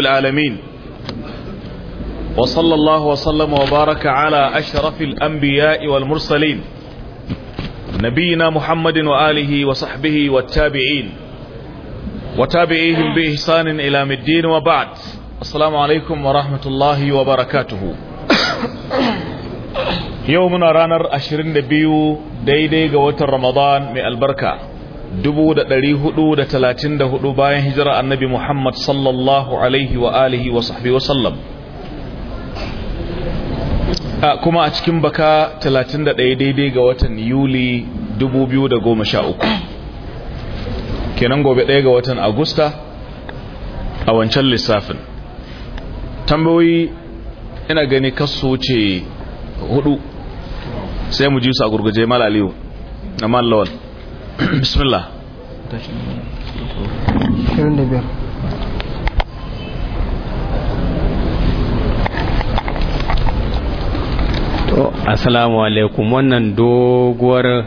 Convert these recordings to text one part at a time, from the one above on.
العالمين وصلى الله وسلم وبارك على أشرف الأنبياء والمرسلين نبينا محمد وآله وصحبه والتابعين وتابعيهم بإحسان إلى مدين وبعد السلام عليكم ورحمة الله وبركاته يومنا رانر أشرين دبيو ديدي قوة رمضان من البركة 434 bayan hijira annabi Muhammad sallallahu alaihi wa alihi wa sahbihi wa sallam kuma a cikin baka 31 daidai ga watan Yuli 2013 kenan gobe ɗaya ga watan Agusta a wancan lissafin tambayoyi ina gani kaso ce hudu sai mu ji su a gurguje malaliyu na mallawal bismillah alaikum wannan doguwar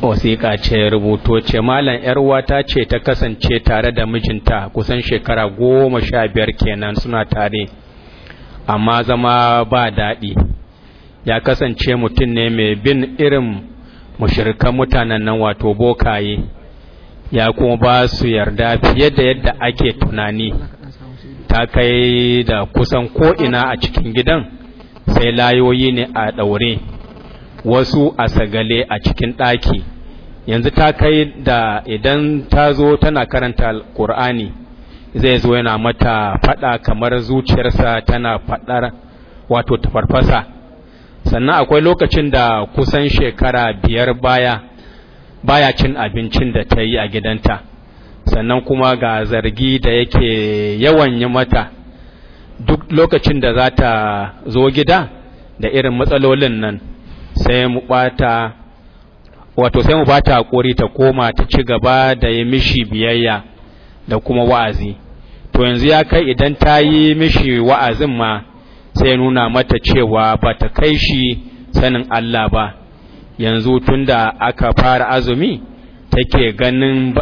wasiƙa ce rubuto ce malam yar wata ce ta kasance tare da mijinta kusan shekara goma sha biyar kenan suna tare amma zama ba daɗi ya kasance mutum ne mai bin irin mushirikan mutanen nan wato bokaye ya kuma ba su yarda fiye da yadda ake tunani ta kai da kusan ko'ina a cikin gidan sai layoyi ne a ɗaure wasu a sagale a cikin ɗaki yanzu ta kai da idan ta zo tana karanta alkur'ani zai zo yana mata faɗa kamar zuciyarsa tana faɗar wato tafarfasa sannan akwai lokacin da kusan shekara biyar baya baya cin abincin da ta yi a gidanta sannan kuma ga zargi da yake yawan yi mata duk lokacin da za ta zo gida da irin matsalolin nan sai mu bata wato sai mu bata hakuri ta koma ta ci gaba da yi mishi biyayya da kuma wa'azi to yanzu ya kai idan ta yi mishi wa'azin ma sai nuna mata cewa ba ta kai shi sanin Allah ba yanzu tunda aka fara azumi take ganin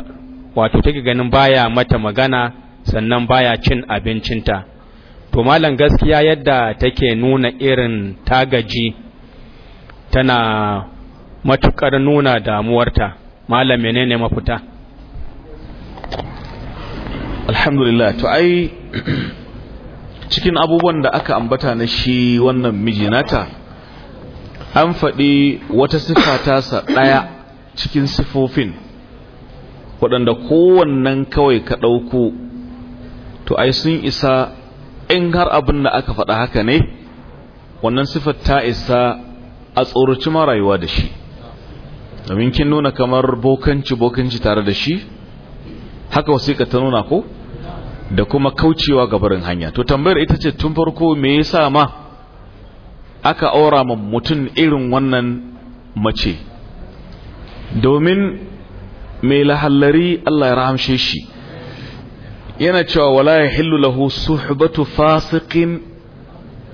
wato take ganin baya mata magana sannan baya cin abincinta to malam gaskiya yadda take nuna irin tagaji tana matukar nuna damuwarta malam menene mafita alhamdulillah to ai cikin abubuwan da aka ambata na shi wannan mijinata an faɗi wata sifa sa ɗaya cikin sifofin waɗanda kowannan kawai ka ɗauko to ai sun isa in har abin da aka faɗa haka ne wannan sifar ta isa a tsoroci marayuwa rayuwa da shi domin kin nuna kamar bokanci bokanci tare da shi haka wasiƙa ta nuna ko da kuma kaucewa gabarin hanya to tambayar ita ce tun farko me yasa ma aka aura ma mutum irin wannan mace domin mai lahallari Allah ya rahamshe shi yana cewa wala yahillu lahu suhbatu fasiqin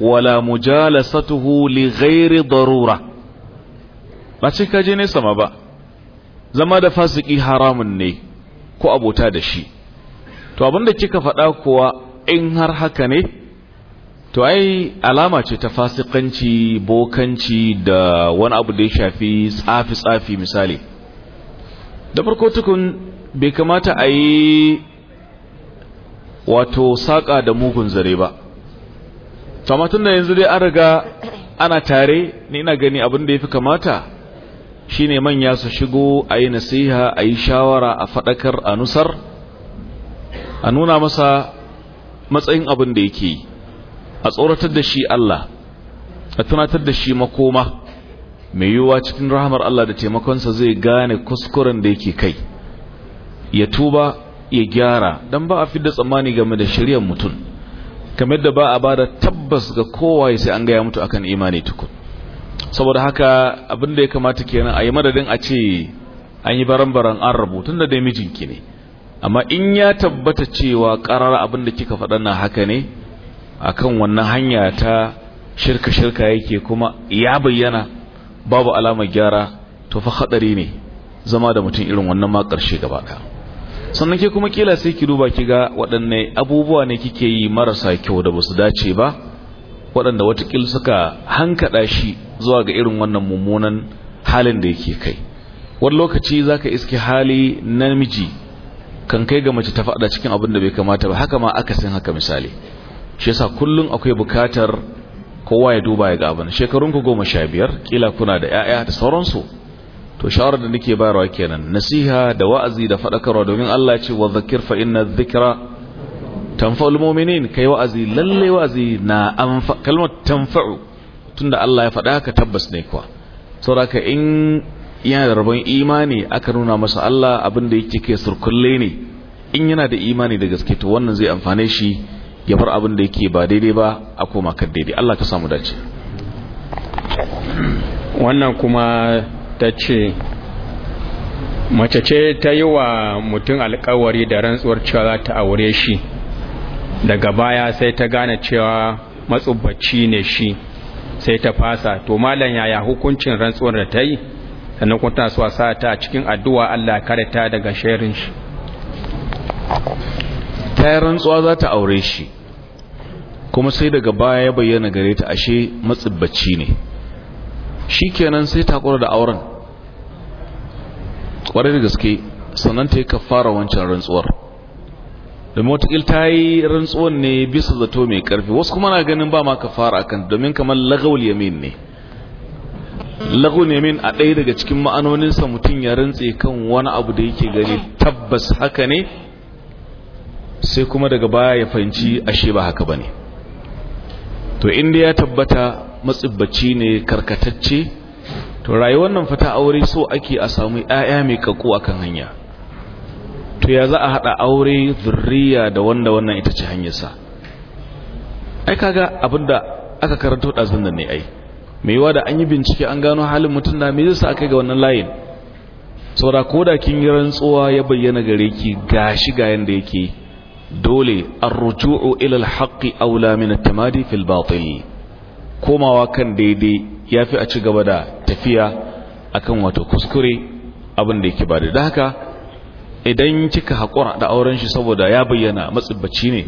wala mujalasatuhu li ghairi darura ba ce ka je ne sama ba zama da fasiki haramun ne ko abota da shi to abinda kika faɗa kuwa in har haka ne to ai alama ce ta fasikanci bokanci da wani abu da ya shafi tsafi-tsafi misali da farko tukun bai kamata a yi wato saƙa da mugun zare ba tun da yanzu dai an riga ana tare ni ina gani abin da ya fi kamata shine manya su shigo a yi nasiha a yi shawara a faɗakar a nusar a nuna masa matsayin abin da yake yi a tsoratar da shi Allah a tunatar da shi makoma mai yiwuwa cikin rahamar Allah da taimakonsa zai gane kuskuren da yake kai ya tuba ya gyara don ba a fi da tsammani game da shiryar mutum kamar da ba a ba da tabbas ga kowa sai an gaya mutu akan imani tukun saboda haka abin da ya kamata kenan a yi madadin a ce an yi baran-baran an rabu tun da dai mijinki ne amma in ya tabbata cewa ƙarar abin da kika faɗa na haka ne akan wannan hanya ta shirka-shirka yake kuma ya bayyana babu alamar gyara to fa haɗari ne zama da mutum irin wannan ma ƙarshe gaba ka. sannan ke kuma kila sai ki duba ki ga waɗanne abubuwa ne kike yi marasa kyau da basu dace ba waɗanda watakil suka hankaɗa shi zuwa ga irin wannan mummunan halin da yake kai wani lokaci za ka iske hali namiji kan kai ga mace ta faɗa cikin abin da bai kamata ba haka ma aka san haka misali shi yasa kullum akwai bukatar kowa ya duba ya ga abin shekarun ku goma sha biyar kila kuna da 'ya'ya da sauransu to shawarar da nake bayarwa kenan nasiha da wa'azi da faɗakarwa domin Allah ya ce wa zakir fa inna dhikra tanfa'ul mu'minin kai wa'azi lalle wa'azi na anfa kalmar tanfa'u tunda Allah ya faɗa haka tabbas ne kuwa saboda in yana da rabon imani aka nuna masa Allah abin da yake ke surkulle ne in yana da imani da gaske to wannan zai amfane shi ya bar abin da yake ba daidai ba a koma kan daidai Allah ka samu dace wannan kuma ta ce mace ce ta yi wa mutum alkawari da rantsuwar cewa za ta aure shi daga baya sai ta gane cewa matsubaci ne shi sai ta fasa to malam yaya hukuncin rantsuwar da ta yi sannan kuma tana so a sa ta cikin addu'a Allah kare ta daga sharin shi ta yi rantsuwa za ta aure shi kuma sai daga baya ya bayyana gare ta ashe matsibbaci ne shi kenan sai ta kura da auren kwarai da gaske sannan ta yi kafara wancan rantsuwar domin watakil ta yi rantsuwan ne bisa zato mai karfi wasu kuma na ganin ba ma kafara akan domin kamar lagawul yamin ne lagu ne min a ɗaya daga cikin ma'anoninsa mutum ya rantse kan wani abu da yake gani tabbas haka ne sai kuma daga baya ya fahimci ashe ba haka ba ne to inda ya tabbata matsibbaci ne karkatacce to rayuwar nan fata aure so ake a samu 'ya'ya mai kaku kan hanya to ya za a haɗa aure zurriya da wanda wannan ita ce hanyarsa ai kaga abinda aka karanta ɗazun nan ne ai mai yiwa da an yi bincike an gano halin mutum na me zai sa ga wannan layin saboda ko da kin yi rantsuwa ya bayyana gare ki gashi ga yanda yake dole an rujuu ila al-haqqi aula min tamadi fil komawa kan daidai yafi a ci gaba da tafiya akan wato kuskure abin da yake ba da haka idan kika hakura da auren shi saboda ya bayyana matsibbaci ne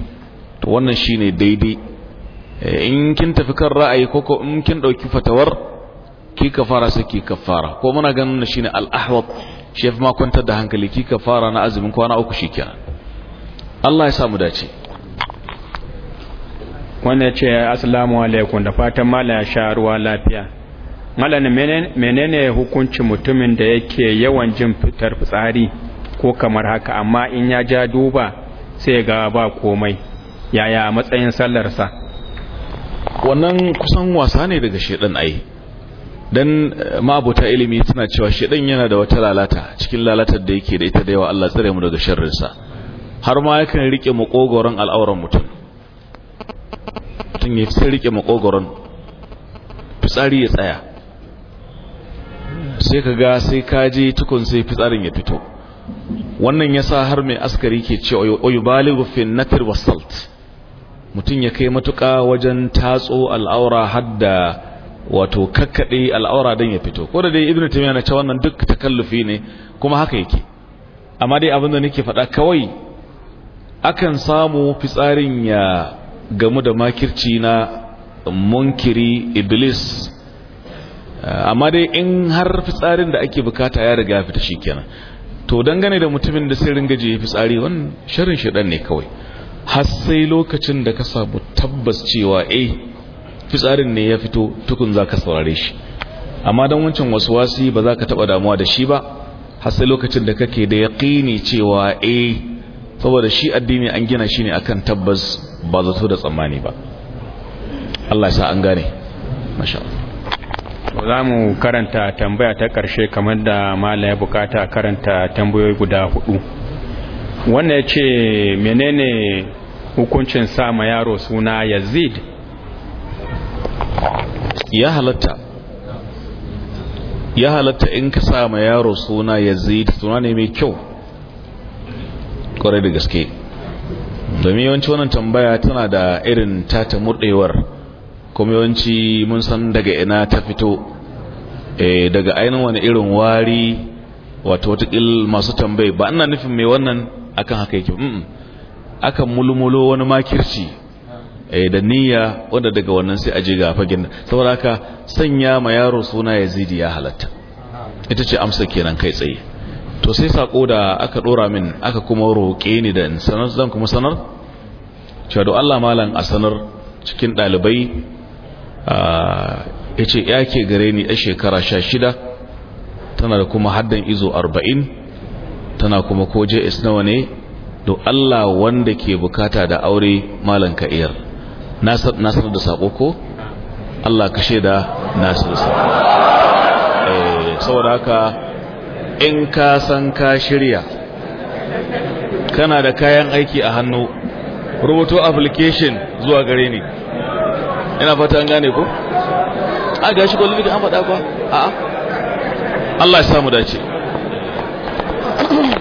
to wannan shine daidai Eh, in kin tafi kan ra'ayi ko ko in kin dauki fatawar ki kafara saki kafara ko muna ganin ne al ahwad shi ma kwantar da hankali ki kafara na azumin kwana uku shikenan Allah ya sa mu dace wannan ce assalamu alaikum da fatan mala ya sha ruwa lafiya mallan menene hukunci mutumin da yake yawan jin fitar fitsari ko kamar haka amma in ya ja duba sai ga ba komai yaya matsayin sallarsa wannan kusan wasa ne daga shedan ai dan eh, mabuta ilimi suna cewa shedan yana da wata lalata cikin lalatar da yake da ita da yawa Allah tsare mu daga sharrinsa har ma yakan rike makogoron al'auran mutum mutum ya fi rike makogoron fitsari ya tsaya sai ka ga sai ka je tukun sai fitsarin ya fito wannan yasa har mai askari ke cewa oyubaligu fi natr wasalt mutum ya kai matuka wajen tatso al'aura hadda wato kakkaɗe al'aura don ya fito ko da dai ibn taimiyya na ce wannan duk takallufi ne kuma haka yake amma dai abin da nake faɗa kawai akan samu fitsarin ya gamu da makirci na munkiri iblis amma dai in har fitsarin da ake bukata ya riga fita kenan to dangane da mutumin da sai ringa je fitsari wannan sharin shedan ne kawai har sai lokacin da ka samu tabbas cewa eh fitsarin ne ya fito tukun za ka saurare shi amma don wancan wasu wasi ba za ka taɓa damuwa da shi ba har sai lokacin da kake da yaƙini cewa eh saboda shi addini an gina shi ne akan tabbas ba zato da tsammani ba Allah sa an gane za mu karanta tambaya ta ƙarshe kamar da mala ya bukata karanta tambayoyi guda hudu wannan ya ce menene hukuncin sama yaro suna yazid ya halatta ya halatta in ka ma yaro suna yazid suna ne mai kyau kwarai da gaske domin yawanci wannan tambaya tana da irin tata murdewar kuma yawanci mun san daga ina ta fito eh, daga ainihin wani irin wari wato watakil masu tambayi ba ina nufin mai wannan akan haka yake akan mulmulo wani makirci eh, da niyya wanda daga wannan sai aje ga fagen saboda haka sanya ma yaro suna yazidi ya halatta ita ce amsa kenan kai tsaye to sai sako da aka dora min aka kuma roƙe ni da sanar zan kuma sanar cewa do Allah malam a sanar cikin ɗalibai ah, ya ce yake gare ni a shekara sha shida tana da kuma haddan izo arba'in tana kuma ko js nawa ne don allah wanda ke bukata da aure malan ka iyar na sanar da sako ko allah ka shaida na da sako eh, saboda haka in ka san ka shirya kana da kayan aiki a hannu rubuto application zuwa gare ni ina fata an gane ko a gashi kwallo an faɗa kwa a Allah ya samu dace Obrigado.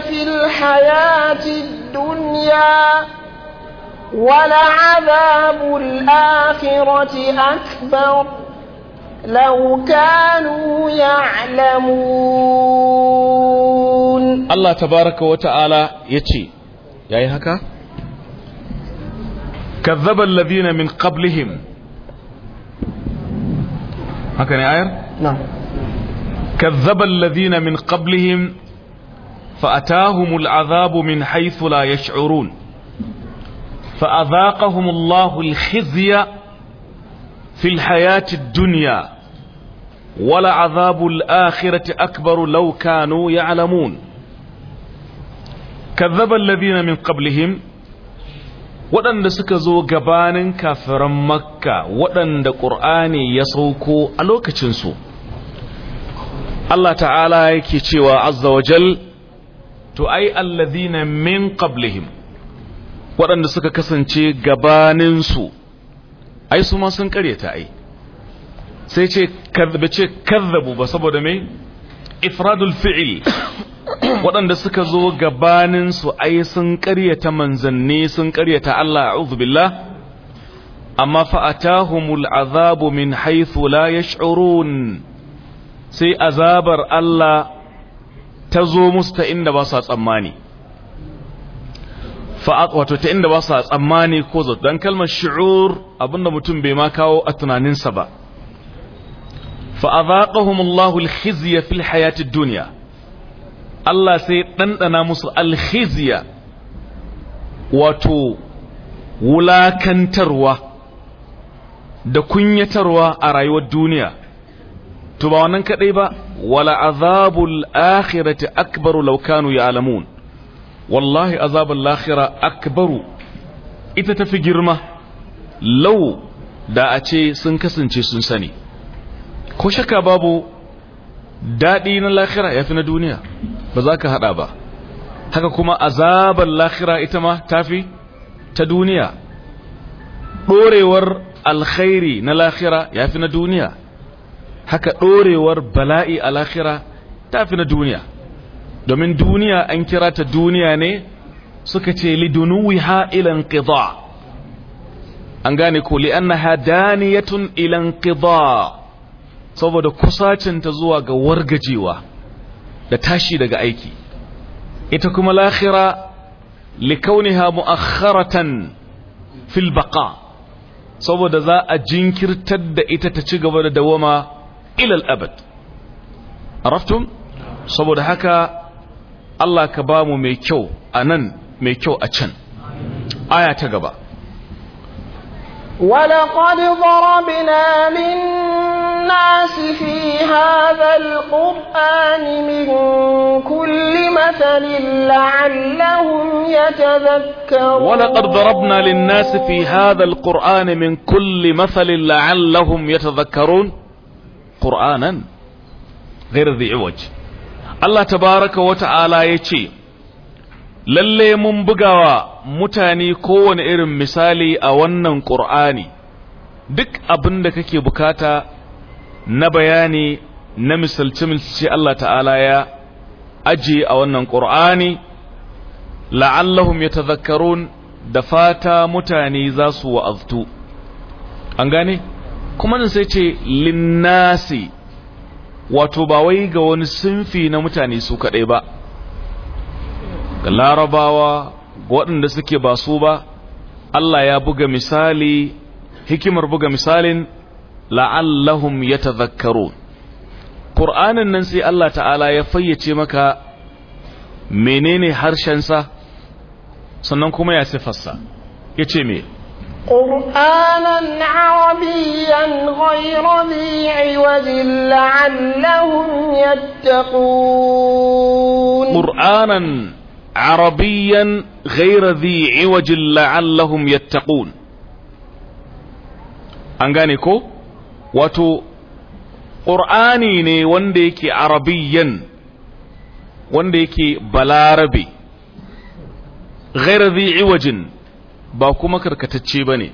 في الحياة الدنيا ولعذاب الآخرة أكبر لو كانوا يعلمون الله تبارك وتعالى يتي يا هكا كذب الذين من قبلهم هكا آية؟ نعم كذب الذين من قبلهم فأتاهم العذاب من حيث لا يشعرون فأذاقهم الله الخزي في الحياة الدنيا ولعذاب الآخرة أكبر لو كانوا يعلمون كذب الذين من قبلهم ودن suka zo gabanin مكة ودن waɗanda ƙur'ani ya sauko الله تعالى Allah ta'ala وجل to ai allazina min qablihim waɗanda suka kasance gabaninsu ai su ma sun karyata ai sai ce ce kazzabu ba saboda me. ifradul fi'il waɗanda suka zo gabaninsu ai sun karyata manzanni sun karyata Allah a'udhu billah amma fa'atahumul azabu min haythu la yash'urun sai azabar Allah ta zo musu ta inda ba sa tsammani wato ta inda ba sa tsammani ko zato don kalmar shi'ur abinda mutum bai ma kawo a tunaninsa ba fa'azaƙahum Allahul khizya fil hayati duniya Allah sai ɗanɗana musu alhiziya wato wulakantarwa da kunyatarwa a rayuwar duniya to ba wannan kadai ba wala azabul akhirati akbaru law kanu ya'lamun wallahi azabul akhira akbaru ita tafi girma law da a ce sun kasance sun sani ko shakka babu dadi na lahira yafi na duniya ba za ka hada ba haka kuma azabar lahira ita ma tafi ta duniya dorewar alkhairi na lahira yafi na duniya haka ɗorewar bala'i a lahira ta fi na duniya domin duniya an kira ta duniya ne suka ce lidunuwi ha ilan ƙiza an gane ko li'an ha daniyatun ilan ƙiza saboda kusacinta zuwa ga wargajewa da tashi daga aiki ita kuma lahira likauniha mu'akharatan fil saboda za a jinkirtar da ita ta ci gaba da dawama إلى الأبد عرفتم صبر هكا الله ka ميكو أنن ميكو أتشن آية nan ولقد ضربنا للناس في هذا القرآن من كل مثل لعلهم يتذكرون ولقد ضربنا للناس في هذا القرآن من كل مثل لعلهم يتذكرون قرآنا Allah Ta baraka wa ta'ala ya ce, lalle mun bugawa mutane kowane irin misali a wannan ƙur'ani duk abin da kake bukata na bayani na misalci-misalci Allah ta'ala ya aje a wannan ƙur'ani la'allahum ya da fata mutane za su wa'aztu an gane? kuma nan sai ce linnasi wato ba wai ga wani sunfi na mutane su kadai ba ga larabawa ga waɗanda suke ba su ba Allah ya buga misali hikimar buga misalin la'allahum yatadhakkarun Qur'anin nan sai Allah ta'ala ya fayyace maka menene harshensa sannan kuma ya sifarsa ya ce me قرآنا عربيا غير ذي عوج لعلهم يتقون قرآنا عربيا غير ذي عوج لعلهم يتقون أنغانيكو واتو قرآني ني ونديكي عربيا ونديكي بلاربي غير ذي عوج ba kuma karkatacce ba ne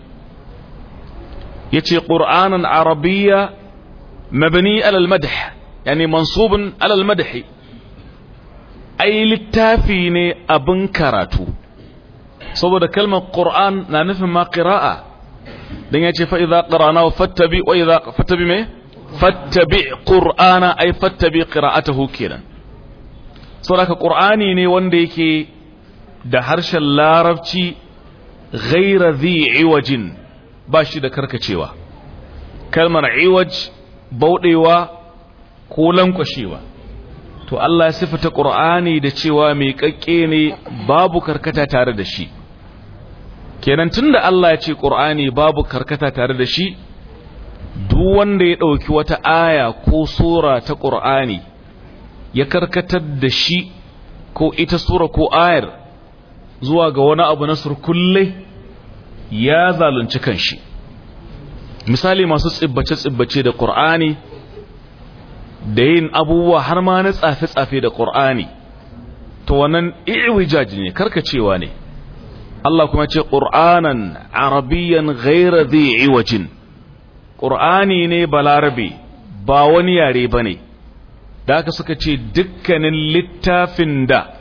ya ce ƙur'anin arabiya mabini alalmadah yani mansubin alalmadahi ai littafi ne abin karatu saboda kalmar ƙur'an na nufin ma ƙira'a don ya ce fa'iza ƙarana fattabi wa iza fattabi mai fattabi ƙur'ana ai fattabi ƙira'atahu nan. saboda ka ƙur'ani ne wanda yake da harshen larabci ghaira dhi iwajin ba shi da karkacewa kalmar iwaj bauɗewa ko lankwashewa to Allah ya sifata Qur'ani da cewa mai kakke ne babu karkata tare da shi kenan tunda Allah ya ce Qur'ani babu karkata tare da shi duk wanda ya ɗauki wata aya ko sura ta Qur'ani ya karkatar da shi ko ita sura ko ayar zuwa ga wani abu na surkulle ya zalunci kanshi misali masu tsibbace-tsibbace da ƙur'ani da yin abubuwa har ma na tsafe-tsafe da ƙur'ani to wannan iwijaji ne karkacewa ne Allah kuma ce ƙur'anan arabiyan gaira zai iwajin ƙur'ani ne balarabe ba wani yare ba ne da aka suka ce dukkanin littafin da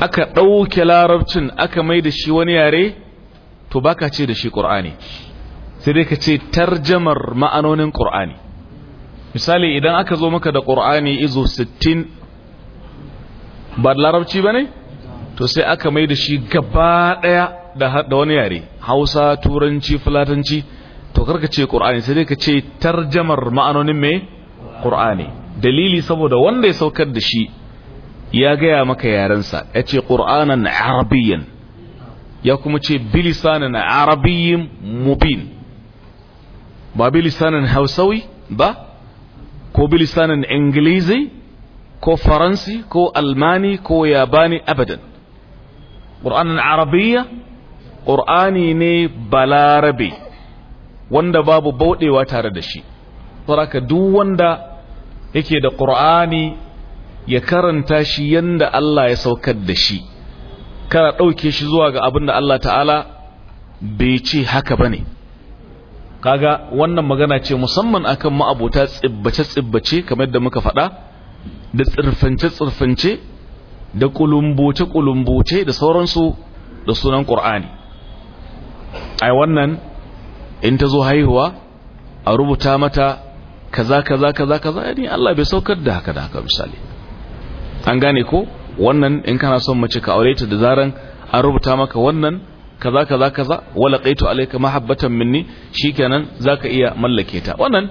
aka ɗauke larabcin aka mai da shi wani yare to baka ce da shi ƙur'ani sai dai ka ce tarjamar ma'anonin ƙur'ani misali idan aka zo maka da ƙur'ani izo 60 ba larabci ba ne to sai aka mai da shi gaba ɗaya da wani yare hausa turanci fulatanci to karka ce ƙur'ani sai dai ka ce tarjamar ma'anonin mai ƙur'ani dalili saboda wanda ya saukar da shi ya gaya maka yarensa ya ce ƙur'anan arabiyyan ya kuma ce bilisanin Arabiyin mubin ba bilisanin hausawi ba ko bilisanin ingilizi ko faransi ko almani ko yabani abadan ƙur'anin arabiyya ƙur'ani ne balarabe wanda babu bauɗewa tare da shi saboda duk wanda yake da ƙur'ani ya karanta shi yanda Allah ya saukar da shi kana ɗauke shi zuwa ga abin da Allah ta'ala bai ce haka ba ne kaga wannan magana ce musamman akan ma'abota tsibbace-tsibbace kamar da muka faɗa da tsirfance-tsirfance da kulumbuce-kulumbuce da sauransu da sunan ƙur'ani ai wannan in ta zo haihuwa a rubuta mata kaza kaza kaza kaza ne Allah bai saukar da haka da haka misali an gane ko wannan in kana son mace ka aure da zaran an rubuta maka wannan kaza kaza kaza wala qaitu alayka mahabbatan minni shikenan zaka iya mallake ta wannan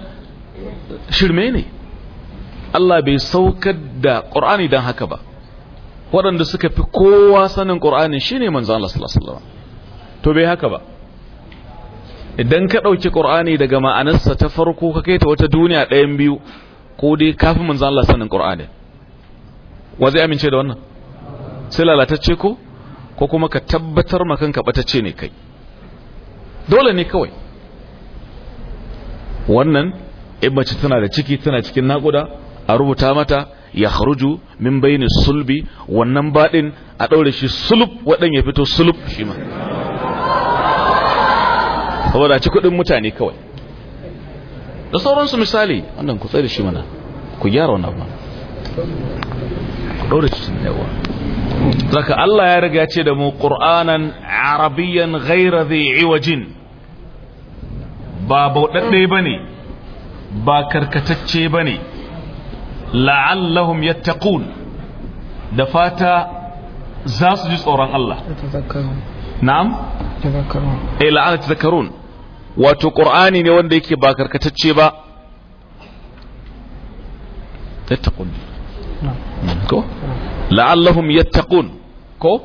shirme ne Allah bai saukar da Qur'ani dan haka ba waɗanda suka fi kowa sanin Qur'ani shine manzo Allah sallallahu alaihi wasallam to bai haka ba idan ka ɗauki ƙur'ani daga ma'anarsa ta farko ka kai ta wata duniya ɗayan biyu ko dai kafin manzo Allah sanin ƙur'ani wa zai amince da wannan sai lalatacce ko ko kuma ka tabbatar ma kanka batacce ne kai dole ne kawai wannan in mace tana da ciki tana cikin nakuda a rubuta mata ya haruju min bayani sulbi wannan badin a daure shi sulub wadan ya fito sulub shi ma saboda ci kuɗin mutane kawai da sauransu misali wannan ku tsaye da shi mana ku gyara wannan ɗaure cikin yawa zaka Allah ya riga ce da mu ƙur'anan arabiyan ghaira zai wajin. ba bauɗaɗɗe ba ne ba karkatacce ba ne la'allahum yattaqun da fata za su ji tsoron Allah na'am eh la'ana tazakkarun wato qur'ani ne wanda yake ba karkatacce ba tattaqun ko لعلهم يتقون كو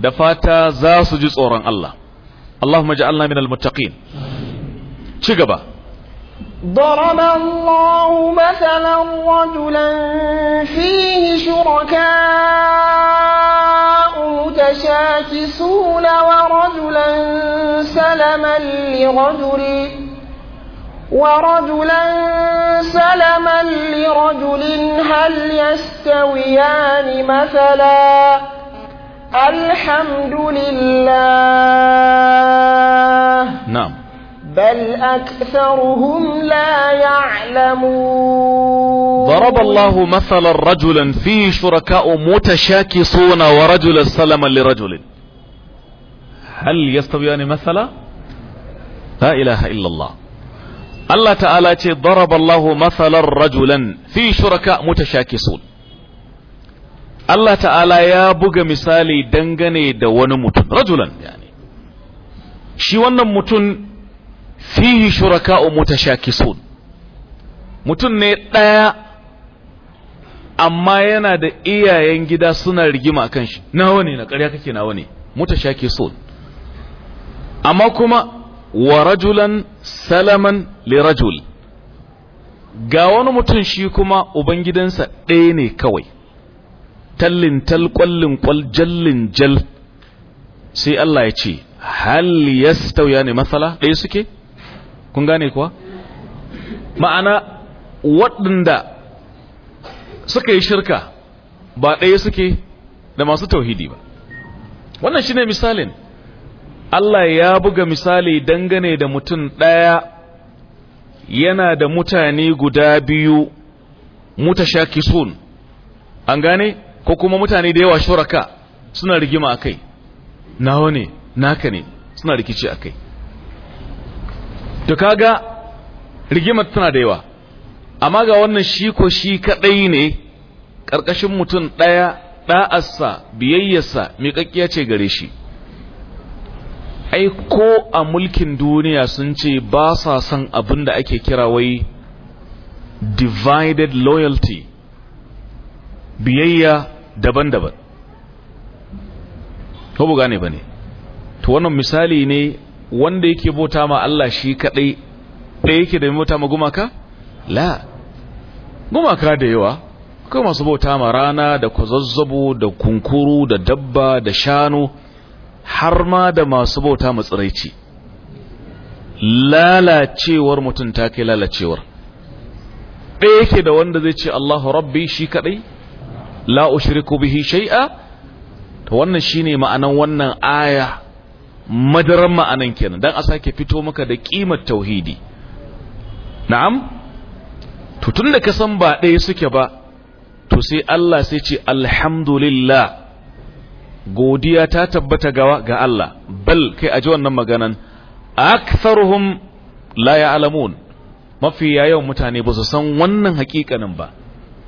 دفاتا زاسو جزء أوران الله اللهم اجعلنا من المتقين شقبا ضرب الله مثلا رجلا فيه شركاء متشاكسون ورجلا سلما لرجل ورجلا سلما لرجل هل يستويان مثلا الحمد لله نعم بل أكثرهم لا يعلمون ضرب الله مثلا رجلا فيه شركاء متشاكسون ورجلا سلما لرجل هل يستويان مثلا لا إله إلا الله Allah ta'ala ce daraballahu mathalar rajulan fi shuraka mutashakisun Allah ta'ala ya buga misali dangane da wani mutum rajulan yani shi wannan mutum fihi shuraka'u mutashakisun mutum ne ɗaya amma yana da iyayen gida suna rigima kan shi nawa ne na ƙarya kake nawa ne mutashakisun amma kuma ورجلا سلما salaman lirajul ga wani mutum shi kuma ubangidansa ɗaya ne kawai tallin tal ƙwallin ƙwal jallin jal sai Allah ya ce hal yastauya ne matsala ɗaya suke kun gane kuwa ma'ana waɗanda suka yi shirka ba ɗaya suke da masu tauhidi ba wannan shine misalin Allah ya buga misali dangane da mutum ɗaya yana da mutane guda biyu mutashakisun an gane ko kuma mutane da yawa shuraka suna rigima akai nawa ne naka ne suna rikici akai to kaga rigima tana da yawa amma ga wannan shi ko shi kadai ne karkashin mutum ɗaya ɗa'arsa biyayyarsa miƙaƙƙiya ce gare shi ai ko a mulkin duniya sun ce ba sa son abin da ake kira wai divided loyalty biyayya daban-daban ko buga ne ba ne to wannan misali ne wanda yake bauta ma Allah shi kadai ɗaya yake da bauta ma gumaka la gumaka da yawa kuma masu bauta ma rana da kwazazzabo da kunkuru da dabba da shanu har ma da masu bauta matsiraici lalacewar mutum ta kai lalacewar ɗaya yake da wanda zai ce Allahu rabbi shi kaɗai la ku bihi shai'a. Ta wannan shi ne ma'anan wannan aya madaran ma'anan kenan dan a sake fito maka da ƙimar tauhidi na'am to tunda ka ba ɗaya suke ba to sai Allah sai ce alhamdulillah godiya ta tabbata gawa ga Allah bal kai aji wannan maganan aktharuhum la ya'lamun mafi yawan mutane ba su san wannan hakikanin ba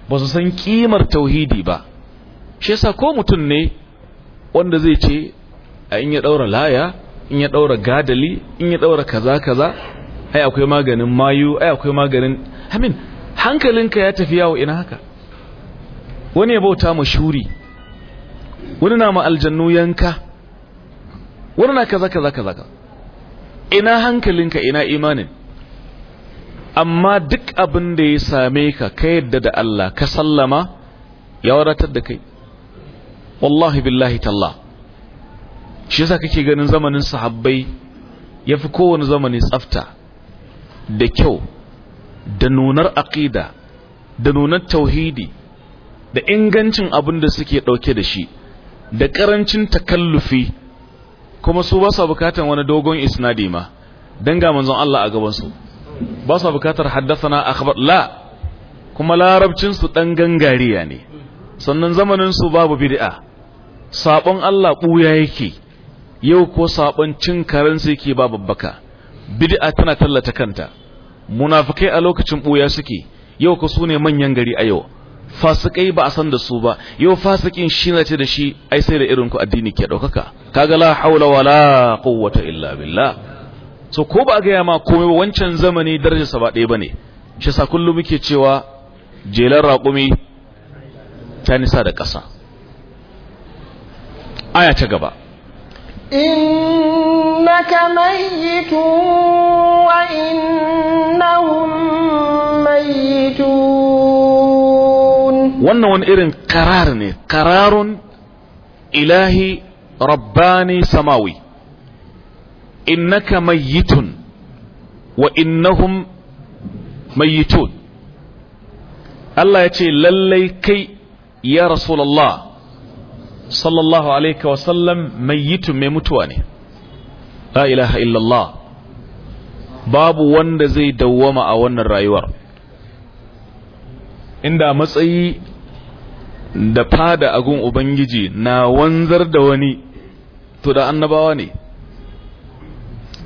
ba su san kimar tauhidi ba shi yasa ko mutum ne wanda zai ce in ya daura laya in ya daura gadali in ya daura kaza kaza ai akwai maganin mayu ai akwai maganin amin hankalinka ya tafi yawo ina haka wani ya bauta mu shuri wani na ma aljannu yanka wani na kaza kaza kaza ina hankalinka ina imanin amma duk abin da ya same ka ka yadda da Allah ka sallama ya wadatar da kai wallahi billahi talla shi yasa kake ganin zamanin sahabbai yafi kowane zamani tsafta da kyau da nunar aqida da nunar tauhidi da ingancin abin da suke dauke da shi da karancin takallufi kuma su ba su bukatan wani dogon isnadi ma dan ga manzon Allah a gaban su ba su bukatar haddathana akhbar la kuma larabcin su dan gangariya ne sannan zamanin su babu bid'a sabon Allah buya yake yau ko sabon cin karen su yake ba babbaka bid'a tana tallata kanta munafikai a lokacin buya suke yau ko su manyan gari a yau fasikai ba a san da su ba yau fasikin shi na ce da shi ai sai da irin ku addini ke ɗaukaka kaga la haula wala quwwata illa billah so ko ba ga ma komai ba wancan zamani darajarsa ba ɗaya bane shi sa kullum muke cewa jelar raƙumi ta nisa da ƙasa aya ta gaba إنك ميت وإنهم ميتون wannan wani irin karar ne kararun ilahi rabbani samawi innaka mayyitun wa innahum mayyitun Allah ya ce lallai kai ya rasulallah sallallahu alaihi wasallam mayyitun mai mutuwa ne la ilaha illallah babu wanda zai dawwama a wannan rayuwar inda matsayi da fada agun ubangiji na wanzar da wani to da annabawa ne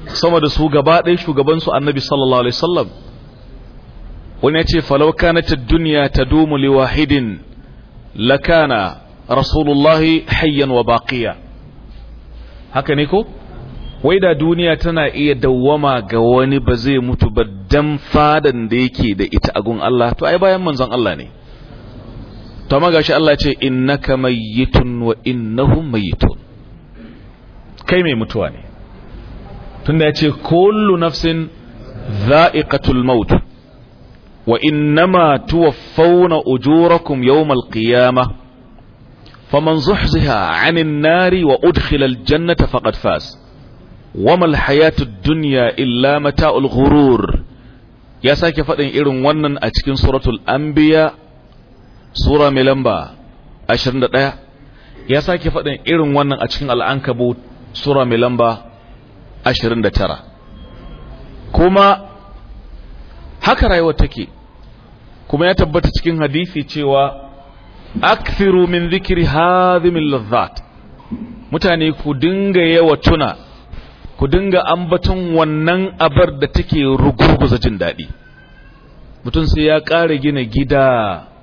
sama da su gaba ɗaya shugabansu annabi sallallahu alaihi wasallam wani ya ce falau ta duniya ta dumu liwahidin lakana rasulullahi hayyan wa baqiya haka ne ko wai da duniya tana iya dawwama ga wani ba zai mutu ba dan fadan da yake da ita agun Allah to ai bayan manzon Allah ne to amma gashi Allah ce innaka mayyitun wa innahum mayyitun kai mai mutuwa ne tunda yace kullu nafsin dha'iqatul maut wa innama tuwaffawna ujurakum yawmal qiyamah faman zuhziha 'anil nari wa udkhilal jannata faqad faz wama alhayatud dunya illa mata'ul ghurur ya sake faɗin irin wannan a cikin suratul anbiya sura mai lamba 21 ya sake faɗin irin wannan a cikin al'ankabu sura mai lamba 29 kuma haka rayuwa take kuma ya tabbata cikin hadisi cewa akthiru min zikri hadhimil lazzat mutane ku dinga yawa tuna ku dinga ambaton wannan abar da take rugurguza jin daɗi mutum sai ya ƙara gina gida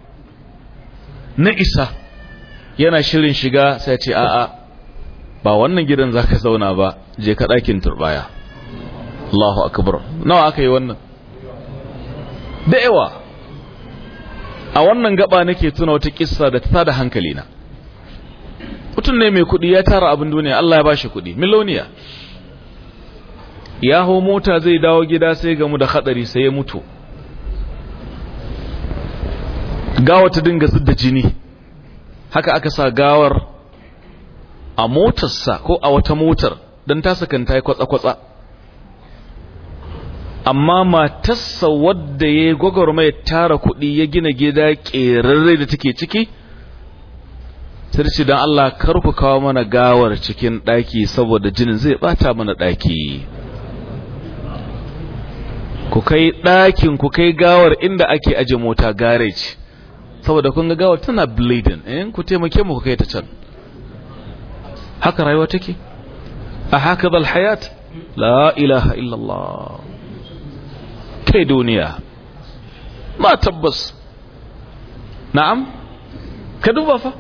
na isa yana shirin shiga sai ce a'a ba wannan gidan za ka zauna ba je ka ɗakin turbaya Allahu akbar nawa aka yi wannan da yawa a wannan gaba nake tuna wata kissa da ta da hankalina mutum ne mai kuɗi ya tara abin duniya Allah ya ba shi kuɗi miloniya ya hau mota zai dawo gida sai gamu da haɗari sai ya mutu gawa ta dinga zidda jini haka aka sa gawar a motarsa ko a wata motar don ta sakanta ya kwatsa-kwatsa amma matarsa wadda ya yi gwagwarmai tara kuɗi ya gina gida ƙerarrai da take ciki sarci don Allah ku kawo mana gawar cikin ɗaki saboda jinin zai bata mana ɗaki ku kai ɗakin ku kai gawar inda ake aje mota gareji saboda kun ga gawar tana bleeding in ku taimake mu ku kai ta can haka rayuwa take a haka bal hayat la ilaha illallah kai duniya ma tabbas na'am ka duba fa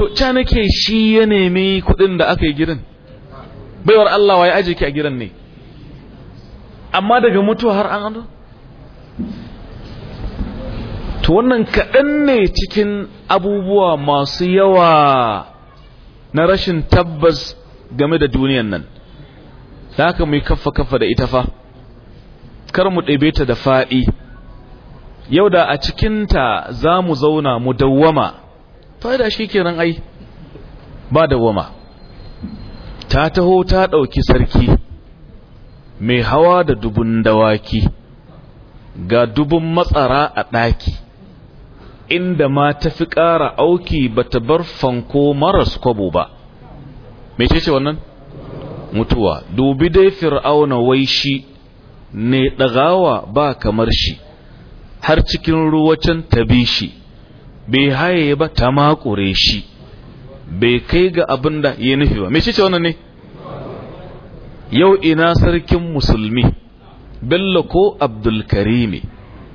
to can nake shi ya nemi kudin da aka yi gidan baiwar Allah wa ya aje ki a gidan ne amma daga mutuwa har an to wannan kaɗan ne cikin abubuwa masu yawa na rashin tabbas game da duniyan nan da haka mai kafa kafa da ita fa kar mu ɗebe ta da faɗi yau da a cikinta za mu zauna mu dawwama ta da shi kenan ai ba dawwama ta taho ta ɗauki sarki mai hawa da dubun dawaki ga dubun matsara a ɗaki inda ma ta fi ƙara auki ba ta bar fanko maras kwabo ba mai ce wannan mutuwa dubi dai fir'auna wai shi ne ɗagawa ba kamar shi har cikin ruwacin bi shi bai haye ba ta makure shi bai kai ga abin da ya nufi ba mai ce wannan ne yau ina sarkin musulmi bello ko abdulkarimi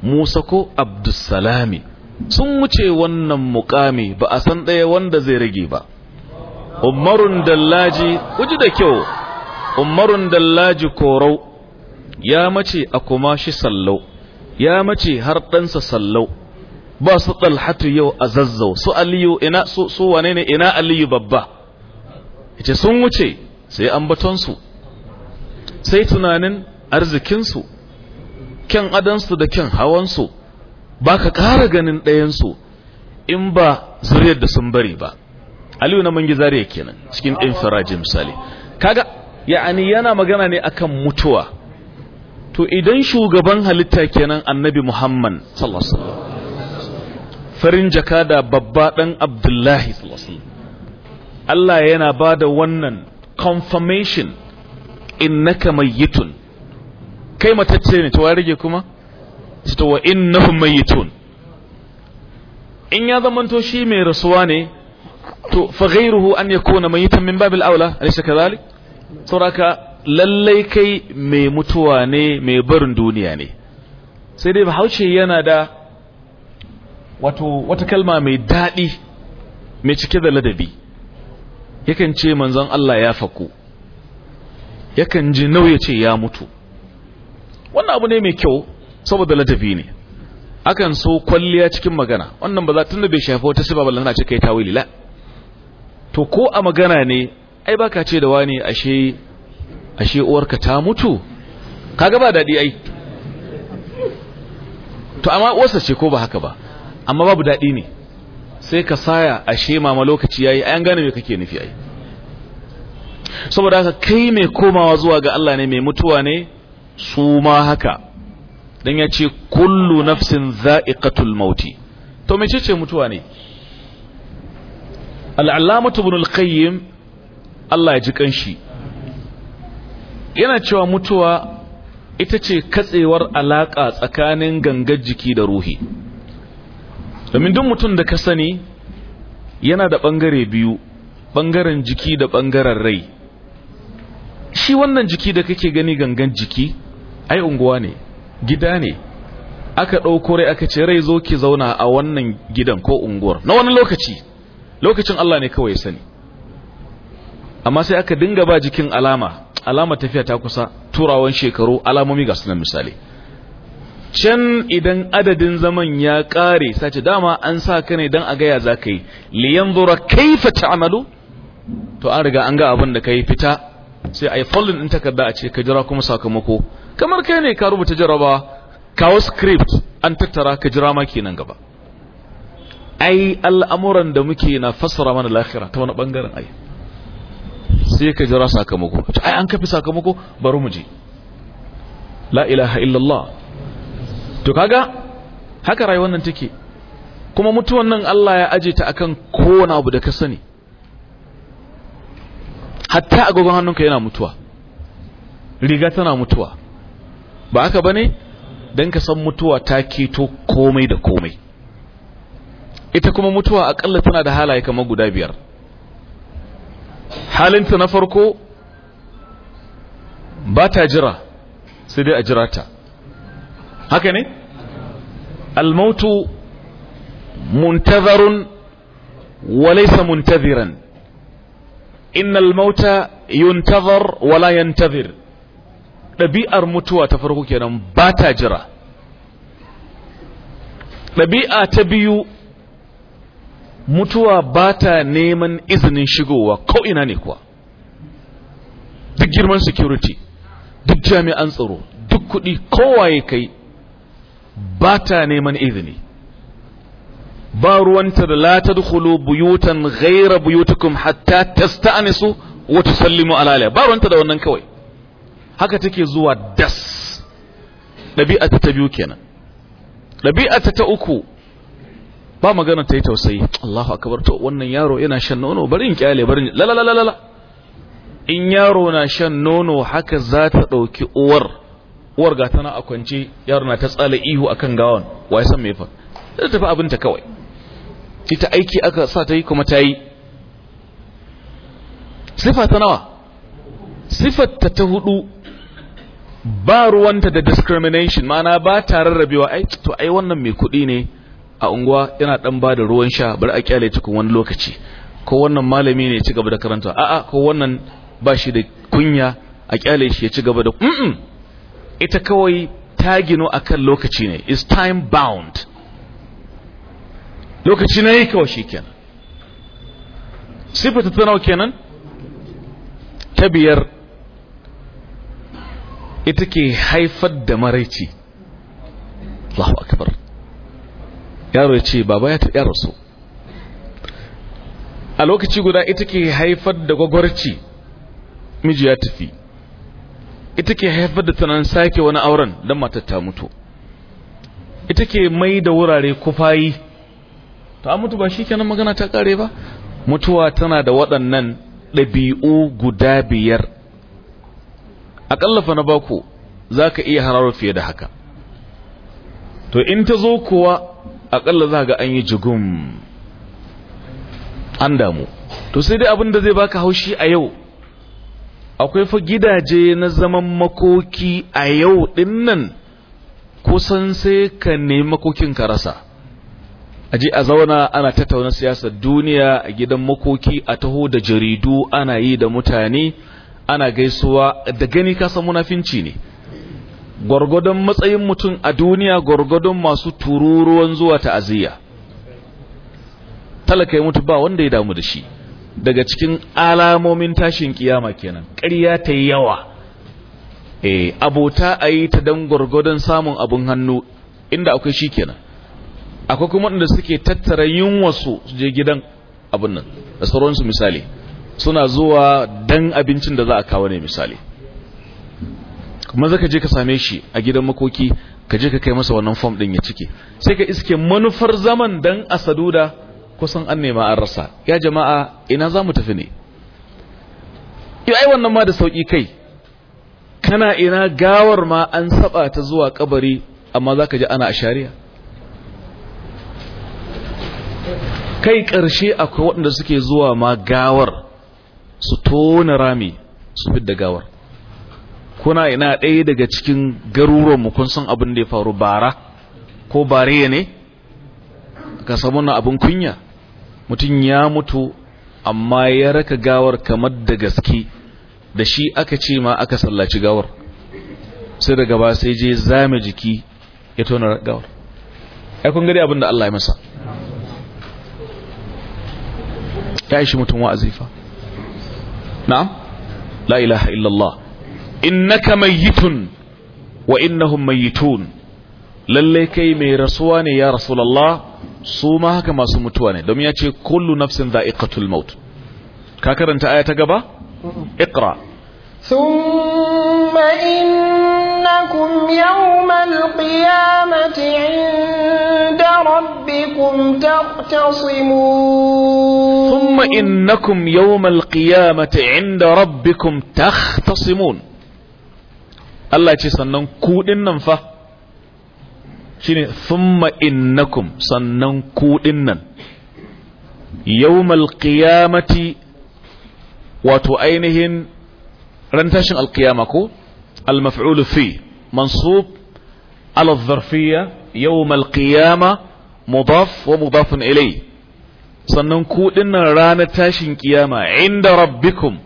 musa ko abdulsalami sun wuce wannan mukami ba a san ɗaya wanda zai rage ba umarun dallaji kuji da kyau umarun dallaji korau ya mace a kuma shi sallau ya mace har ɗansa sallau ba su ɗalhatu yau a zazzau su aliyu ina su su wane ne ina aliyu babba yace sun wuce sai ambatonsu sai tunanin arzikinsu kyan adansu da kyan hawansu ba ka ƙara ganin ɗayansu in ba zuriyar da sun bari ba aliyu na mangi zariya kenan cikin ɗin faraji misali kaga ya'ani yana magana ne akan mutuwa to idan shugaban halitta kenan annabi muhammad sallallahu alaihi farin jaka da babba ɗan abdullahi sallallahu alaihi Allah yana ba da wannan confirmation innaka mayyitun kai matacce ne to ya rage kuma su ta wa innahum tun? in ya zamanto shi mai rasuwa ne to fa ghayruhu an yakuna mayyitan min babil aula alaysa kadhalik sauraka lallai kai mai mutuwa ne mai barin duniya ne sai dai bahaushe yana da wato wata kalma mai daɗi mai cike da ladabi yakan ce manzon Allah ya faku yakan ji nauyi ce ya mutu wannan abu ne mai kyau saboda ladabi ne akan so kwalliya cikin magana wannan ba za tunda bai shafi wata sifa ballan na ce kai tawili la to ko a magana ne ai baka ce da wani ashe ashe uwarka ta mutu kaga ba dadi ai to amma uwarsa ce ko ba haka ba amma babu dadi ne sai ka saya ashe mama lokaci yayi ai an gane me kake nufi ai saboda haka kai mai komawa zuwa ga Allah ne mai mutuwa ne su ma haka dan ya ce kullu nafsin za'iqatul mauti to mecece mutuwa ne al'allamatu ibn al-qayyim Allah ya ji kanshi yana cewa mutuwa ita ce katsewar alaka tsakanin gangar jiki da ruhi domin duk mutum da ka sani yana da bangare biyu bangaren jiki da bangaren rai shi wannan jiki da kake gani gangan jiki ai unguwa ne gida ne aka ɗauko rai aka ce rai zo ki zauna a wannan gidan ko unguwar na wani lokaci lokacin Allah ne kawai sani amma sai aka dinga ba jikin alama alama tafiya ta kusa turawan shekaru alamomi ga sunan misali can idan adadin zaman ya ƙare sace dama an sa ka ne don a gaya za ka yi liyan zura kaifa amalu to an riga an ga abin da ka yi fita sai a yi fallin ɗin takarda a ce ka jira kuma sakamako kamar kai ne ka rubuta jaraba kawo script an tattara ka jira ma kenan gaba ai al'amuran da muke na fassara mana lahira ta wani bangaren ai sai ka jira sakamako ai an kafi sakamako bari mu je la ilaha illallah to kaga haka rayuwar nan take kuma mutuwan nan Allah ya aje ta akan kowane abu da ka sani hatta agogon hannunka yana mutuwa riga tana mutuwa ba haka bane dan ka san mutuwa ta keto komai da komai ita kuma mutuwa akalla tana da halaye kamar guda biyar halinta na farko ba ta jira sai dai a jira ta haka ne almautu muntazarun walaisa muntaziran innal mauta yuntazar wala yantazir ɗabi'ar mutuwa ta farko kenan ba ta jira ɗabi'a ta biyu mutuwa ba ta neman izinin shigowa ko ina ne kuwa duk girman security duk jami'an tsaro duk kuɗi kowaye kai ba ta neman izini ba ruwanta da la tadkhulu buyutan gaira buyutukum hatta a nisu wata sallimu ahliha ba ruwanta da wannan kawai haka take zuwa das Ɗabi'ata ta biyu kenan ɗabi'ata ta uku ba magana ta yi tausayi Allahu akabar to wannan yaro yana shan nono bari in kyale bari in in yaro na shan nono haka za ta ɗauki uwar uwar ga tana a kwance yaro na ta tsala ihu akan gawan ya san me fa ta tafi abinta kawai ita aiki aka sa ta yi kuma ta yi sifa ta nawa sifarta ta hudu ba ruwanta da discrimination mana ba ta rarrabewa ai to ai wannan mai kuɗi ne a unguwa yana dan ba da ruwan sha bari a kyale tukun wani lokaci ko wannan malami ne ci gaba da karanta a'a ko wannan ba shi da kunya a kyale shi ya ci gaba da ita kawai ta gino akan lokaci ne is time bound lokaci na yi kawai shi kenan sifata ta nawa kenan ta biyar ita ke haifar da maraici Allahu akbar yaro ya ce baba ya taɓa rasu a lokaci guda ita ke haifar da gwagwarci miji ya tafi ita ke haifar da tunan sake wani auren don matatta mutu ita ke mai da wurare kufayi to an mutu ba shi kenan magana ta kare ba mutuwa tana da waɗannan ɗabi'u guda biyar aƙalla na baku za ka iya hararo fiye da haka to in ta zo kuwa aƙalla za ga an yi jigum an damu to sai dai abin da zai baka haushi a yau akwai fa gidaje na zaman makoki a yau ɗin nan kusan sai ka nemi makokin ka rasa a je a zauna ana tattauna siyasar duniya a gidan makoki a taho da jaridu ana yi da mutane ana gaisuwa da gani kasan munafinci ne gwargwadon matsayin mutum a duniya gwargwadon masu tururuwan zuwa ta'aziyya talaka ya mutu ba wanda ya damu da shi daga cikin alamomin tashin kiyama kenan ƙarya ta yi yawa e abota a yi ta don gwargwadon samun abun hannu inda akwai shi kenan akwai kuma waɗanda suke tattara yunwasu su je gidan abin nan da sauransu misali suna zuwa dan abincin da za a kawo ne misali kuma zaka je ka same shi a gidan makoki ka je ka kai masa wannan fom din ya cike sai ka iske manufar zaman dan asaduda kusan an nema an rasa ya jama'a ina za mu tafi ne yi ai wannan ma da sauƙi kai kana ina gawar ma an saba ta zuwa kabari amma za ka ji ana a shari'a kai ƙarshe akwai waɗanda suke zuwa ma gawar su tona rami su fidda gawar kuna ina ɗaya daga cikin garuruwanmu kun san abin da ya faru bara ko bariya ne ka samu na abin kunya mutum ya mutu amma ya raka gawar kamar da gaske da shi aka ce ma aka sallaci gawar sai daga ba sai je zame jiki ya tona gawar Ya kun gari abin da Allah ya masa ya ishi mutum wa'azi fa na'am la ilaha illallah innaka mayyitun wa innahum mayyitun lalle kai mai rasuwa ne ya lalla su ma haka masu mutuwa ne domin ya ce kullu nafsin za'iqatul maut ka karanta aya ta gaba Iƙra. إياكم يوم القيامة عند ربكم تختصمون ثم إنكم يوم القيامة عند ربكم تختصمون الله يجي سنن كودن ننفا ثم إنكم سنن كودن يوم القيامة wato ainihin ran tashin alkiyama ko almaf'ulu منصوب على الظرفية يوم القيامة مضاف ومضاف إليه sannan ku dinnan ranar tashin kiyama inda rabbikum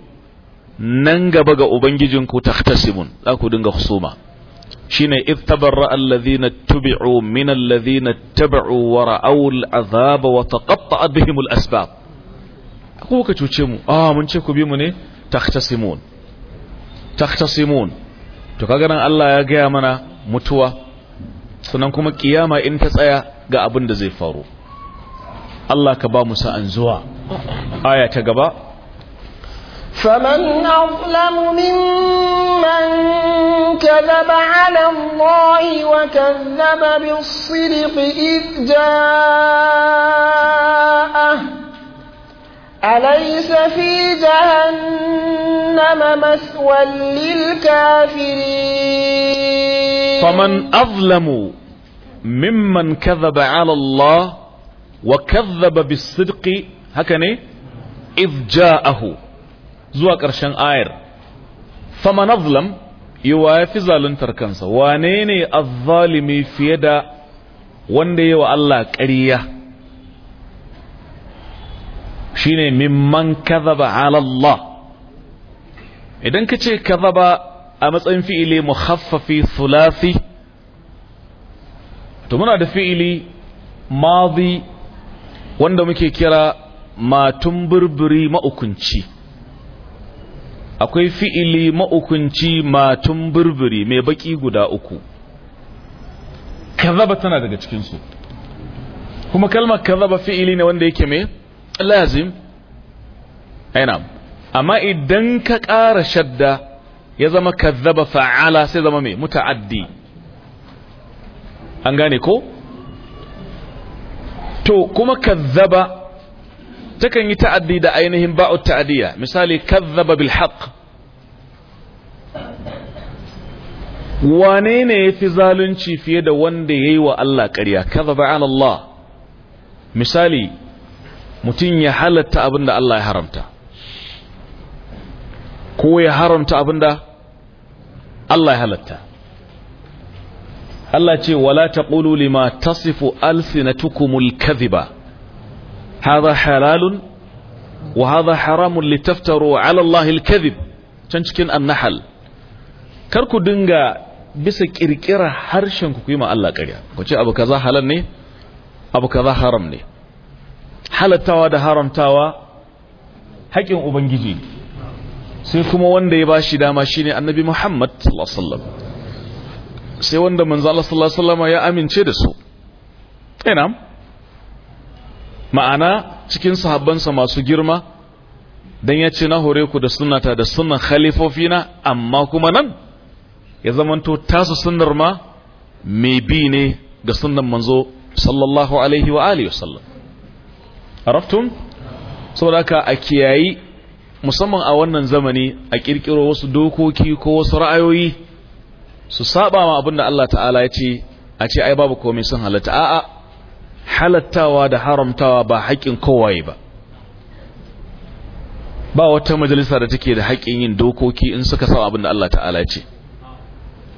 nan gaba ga ubangijinku tahtasimun za ku dinga husuma shine id tabarra alladhina tubi'u min alladhina tabu'u wa ra'aw al'azaba wa taqatta'a bihim al'asbab ku ka cuce mu ah mun ce ku bi mu ne tahtasimun tahtasimun to kaga nan Allah ya ga mana mutuwa sannan kuma kiyama in ta tsaya ga abin da zai faru Allah ka ba mu sa'an zuwa aya ta gaba فمن أظلم ممن كذب على الله وكذب بالصدق إذ جاءه أليس في جهنم مسوى للكافرين فمن أظلم ممن كذب على الله وكذب بالصدق هكذا إذ جاءه زوا كرشان آير فمن أظلم يوافي ظالم تركنسا وانيني الظالمي في يدا وانده يو الله كريه shine mimman kadhaba ala Allah idan ka ce kadhaba a matsayin fi'ili mukhaffafi thulathi to muna da fi'ili madi wanda muke kira matun burburi ma'ukunci akwai fi'ili ma'ukunci matun burburi mai baki guda uku kadhaba tana daga cikinsu kuma kalmar kadhaba fi'ili ne wanda yake mai lazim aina amma idan ka ƙara shadda ya zama kazzaba fa'ala sai zama mai muta'addi an gane ko to kuma kazzaba takan yi ta'addi da ainihin ba'u ta'adiyya misali kazzaba bil haqq wane ne yafi zalunci fiye da wanda yayi wa Allah ƙarya kazzaba ala Allah misali mutum ya halatta abin da Allah ya haramta ko ya haramta abin da Allah ya halatta Allah ce wala taqulu lima tasifu alsinatukumul kadhiba hadha halalun wa hadha haramun litaftaru ala Allah alkadhib can cikin an-nahl kar ku dinga bisa kirkira harshen ku kuma Allah ƙarya ku ce abu kaza halal ne abu kaza haram ne halattawa da haramtawa haƙin ubangiji sai kuma wanda ya bashi dama shine annabi Muhammad sallallahu sai wanda manzo sallallahu ya amince da su ina eh, ma'ana cikin sahabbansa masu girma dan ya ce na hore ku da sunnata da sunan khalifofina amma kuma nan ya zamanto tasu sunnar ma mai bi ne ga sunan manzo sallallahu alaihi wa alihi wasallam araftun saboda haka a kiyayi musamman a wannan zamani a kirkiro wasu dokoki ko wasu ra'ayoyi su saba ma abin da Allah ta'ala ya ce a ce ai babu komai sun halatta a'a halattawa da haramtawa ba haƙƙin kowaye ba ba wata majalisa da take da haƙƙin yin dokoki in suka sa abin da Allah ta'ala ya ce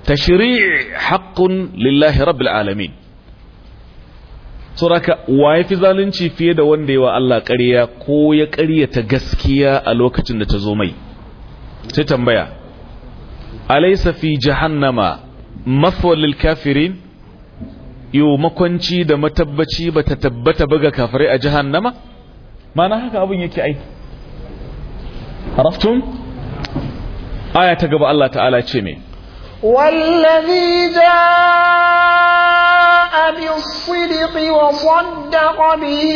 tashri' haqqun lillahi rabbil alamin wa waye fi zalunci fiye da wanda yawa Allah ƙarya ko ya ƙaryata gaskiya a lokacin da ta zo mai sai tambaya alaysa fi jahannama mafwal lil kafirin yo makwanci da matabbaci ba ta tabbata ba ga kafirai a jahannama mana haka abin yake ai ta gaba Allah ta'ala ce كمي Wallazi جاء بالصدق وصدق به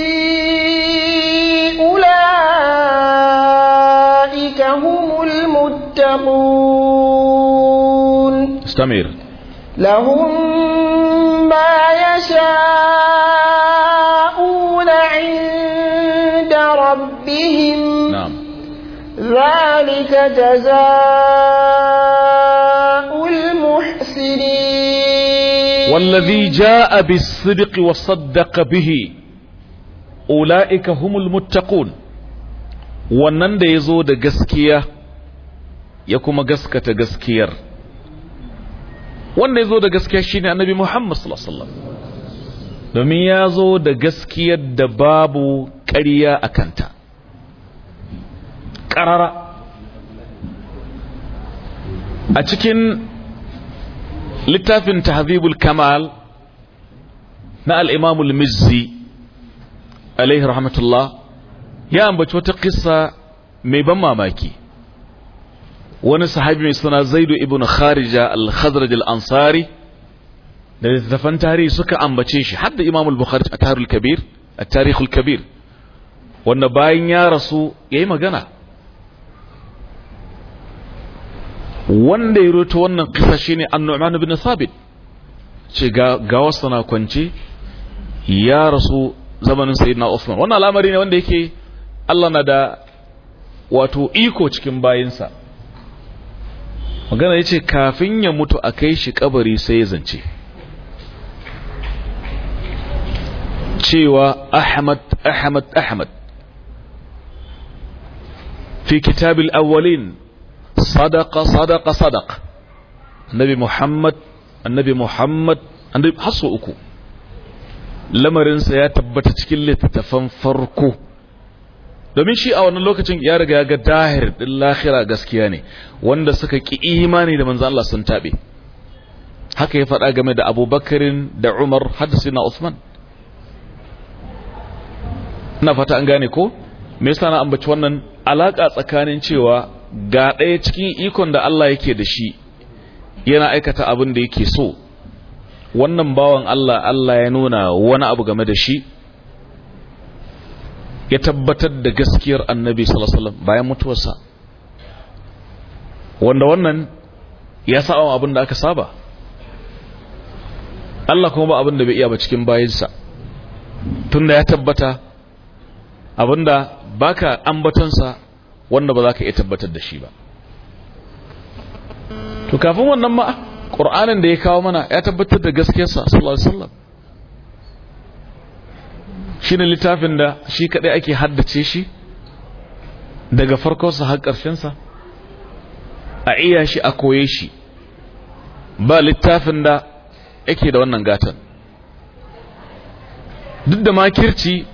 أولئك هم المتقون استمر لهم ما يشاءون عند ربهم نعم ذلك جزاء والذي جاء بالصدق وصدق به أولئك هم المتقون wannan da ya zo da gaskiya ya kuma gaskata gaskiyar wanda ya zo da gaskiya shine annabi Muhammad sallallahu alaihi wasallam domin ya zo da gaskiyar da babu ƙarya a kanta ƙarara a cikin لتافن تهذيب الكمال ما الإمام المزي عليه رحمة الله يا أمبت وتقصة ميبما ماكي وانا صحابي ميسونا زيد ابن خارج الخضرج الأنصاري الذي تفن تاريخ سكا أمبتشيش حد إمام البخاري التاريخ الكبير التاريخ الكبير وانا باين يا رسول يا إما wanda ya roto wannan kisa shine annu'man ibn thabit ce ga wasu na kwance ya rasu zamanin sayyidina usman wannan al'amari ne wanda yake Allah na da wato iko cikin bayinsa magana yace kafin ya mutu a kai shi kabari sai ya zance cewa Ahmad Ahmad Ahmad fi kitabil awwalin sadaka sadaka sadaka annabi muhammad annabi muhammad annabi hasso uku lamarinsa ya tabbata cikin littattafan farko domin shi a wannan lokacin ya riga ya ga dahir din lahira gaskiya ne wanda suka ki imani da manzo Allah sun tabe haka ya faɗa game da abubakarin da umar hadisi na usman na fata an gane ko me yasa na ambaci wannan alaka tsakanin cewa ga ɗaya cikin ikon da Allah yake da shi yana aikata abin da yake so wannan bawan Allah Allah ya nuna wani abu game da shi ya tabbatar da gaskiyar annabi sallallahu bayan mutuwarsa wanda wannan ya saba abin da aka saba Allah kuma ba abin da bai iya ba cikin bayansa tunda ya tabbata abin da baka ambatonsa wanda ba za ka iya tabbatar da shi ba to kafin wannan ma ƙur'anin da ya kawo mana ya tabbatar da gaskiyarsa sallallahu alaihi wasallam shine littafin da shi kadai ake haddace shi daga farkonsa har ƙarshensa a iya shi a koye shi ba littafin da yake da wannan gatan duk da makirci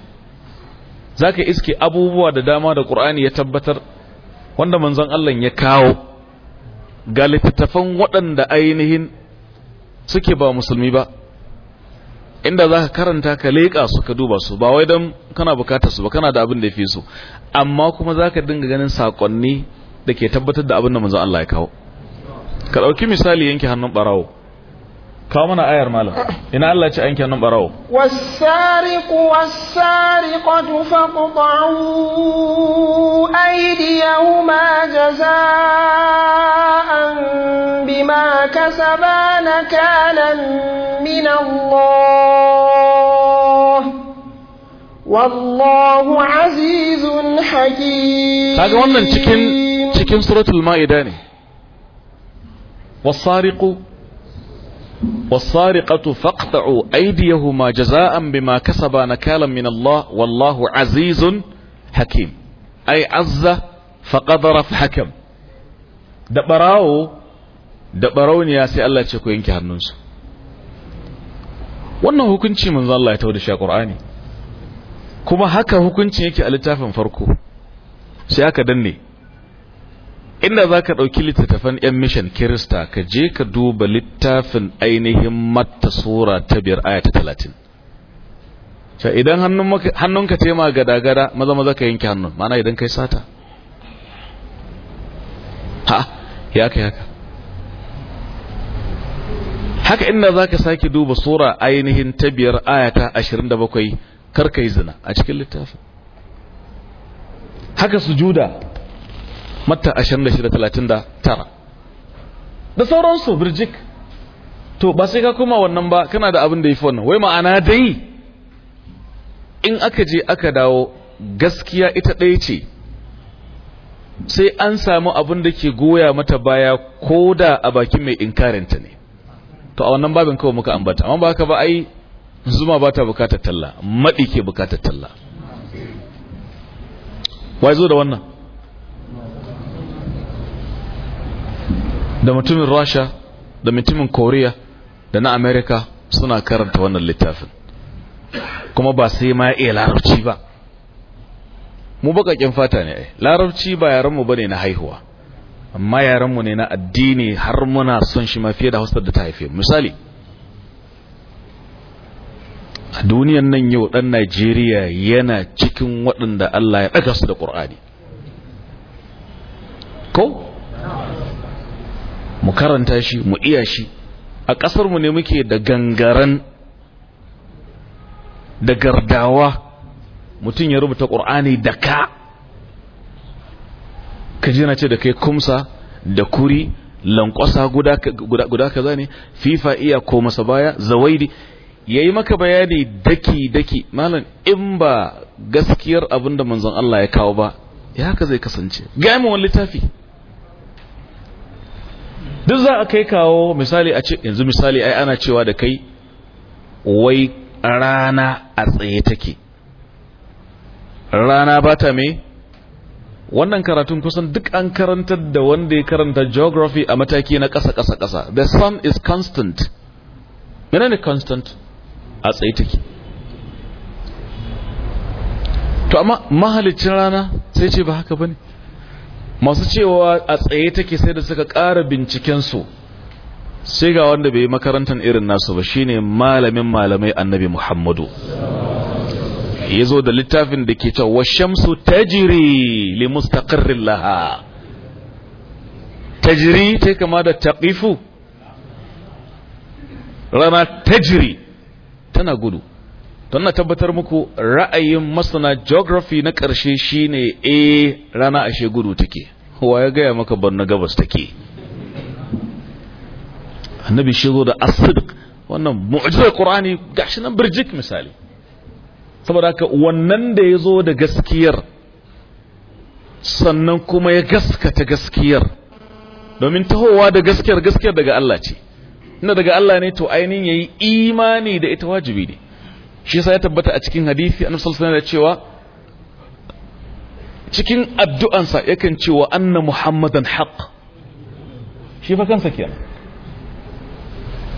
zaka ka iske abubuwa da dama da ƙur'ani ya tabbatar wanda manzon Allah ya kawo ga littattafan waɗanda ainihin suke ba musulmi ba inda zaka karanta ka leƙa su ka duba su ba wai dan kana bukatar su ba kana da abin da ya fi su amma kuma zaka dinga ganin sakonni da ke tabbatar da abin da manzon Allah ya kawo ka ɗauki misali yanke hannun barawo. kawo mana ayar malam ina Allah ce ayyukan nan barawo wasariqu wasariqatu was-sariqatu faqta'u aydiyahuma jazaa'an bima kasabana nakalan min Allah wallahu azizun hakim kaga wannan cikin cikin suratul ma'ida ne wasariqu والسارقة فاقطعوا أيديهما جزاء بما كسبا نكالا من الله والله عزيز حكيم أي عز فقدر فحكم دبراو دبراون يا سي الله تشكو ينكي هنونسو wannan hukunci manzo Allah ya tawo shi a Qur'ani kuma haka hukunci yake a littafin farko sai aka danne inda za ka ɗauki littattafan 'yan mishan kirista ka je ka duba littafin ainihin matta sura ta biyar aya ta talatin ta idan hannunka tema gada-gada maza maza ka yanke hannun mana idan kai sata ha ya kai haka haka inda za ka sake duba sura ainihin ta biyar aya ta ashirin da bakwai karka yi zina a cikin littafin haka sujuda mata 26-39 da sauransu birjik to ba sai ka kuma wannan ba kana da abin da ya fi wannan wai ma'ana dai in aka je aka dawo gaskiya ita ɗaya ce sai an samu abin da ke goya mata baya ko da a bakin mai inkarinta ne to a wannan babin kawai muka ambata amma ba haka ba ai zuma ba ta bukatar talla maɗi ke bukatar talla wai zo da wannan da mutumin Rasha da mutumin Koriya da na Amerika suna karanta wannan littafin kuma ba sai ma iya larabci ba mu bakakin fata ne ai larabci ba yaran mu ne na haihuwa amma yaran mu ne na addini har muna son shi ma fiye da Hausa da ta haife misali a duniyan nan yau dan Najeriya yana cikin waɗanda Allah ya ɗaga su da Qur'ani ko mu karanta shi mu iya shi a ƙasarmu ne muke da gangaren da gardawa mutum ya rubuta ƙur'ani da ka ka na ce da kai kumsa da kuri lankwasa guda kaza ne fifa iya ko masa baya zawaidi ya yi maka bayani daki-daki malam in ba gaskiyar abinda manzon Allah ya kawo ba ya haka zai kasance gami wani littafi duk za a kai kawo misali a ce yanzu misali ai ana cewa da kai wai rana a tsaye take rana ba ta mai wannan karatun kusan duk an karantar da wanda ya karanta geography a mataki na ƙasa ƙasa ƙasa the sun is constant mene ne constant a tsaye take to amma mahalicin rana sai ce ba haka ba ne masu cewa a tsaye take sai da suka ƙara bincikensu sai ga wanda bai yi makarantar irin nasu ba shine malamin malamai annabi muhammadu ya zo da littafin da ke cewa shamsu tajiri ta mustaqarrin laha tajiri ta kama da taƙifu rana tajiri tana gudu don na tabbatar muku ra'ayin masana geography na ƙarshe shine a eh, rana ashe gudu take wa ya gaya maka banna gabas take annabi shigo da asidik wannan mu'jizar qur'ani gashi nan birjik misali saboda haka wannan da ya zo da gaskiyar sannan kuma ya gaskata gaskiyar domin tahowa da gaskiyar gaskiyar daga Allah ce ina daga Allah ne to ainihin yayi imani da ita wajibi ne shi sa ya tabbata a cikin hadisi annabi sallallahu alaihi cewa cikin addu'ansa yakan ce anna muhammadan haqq shi fa kansa kenan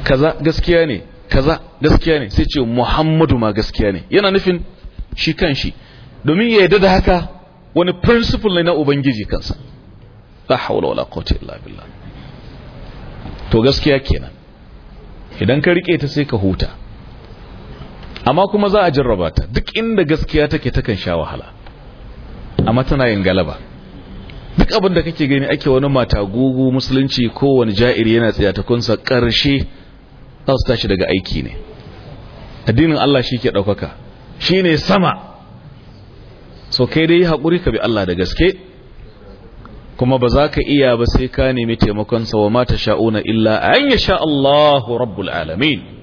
kaza gaskiya ne kaza gaskiya ne sai ce muhammadu ma gaskiya ne yana nufin shi kan shi domin ya yarda da haka wani principle ne na ubangiji kansa la hawla wala quwwata illa billah to gaskiya kenan idan ka rike ta sai ka huta amma kuma za a jarraba ta duk inda gaskiya take takan sha wahala amma tana yin galaba duk abin da kake gani ake wani mata gugu musulunci kowane ja'iri yana tsaya ta kunsa karshe za su tashi daga aiki ne addinin Allah shi ke ɗaukaka shi ne sama so kai dai haƙuri ka bi Allah da gaske kuma ba za ka iya ba sai ka nemi taimakon sa wa mata sha'una illa an ya sha Allahu rabbul alamin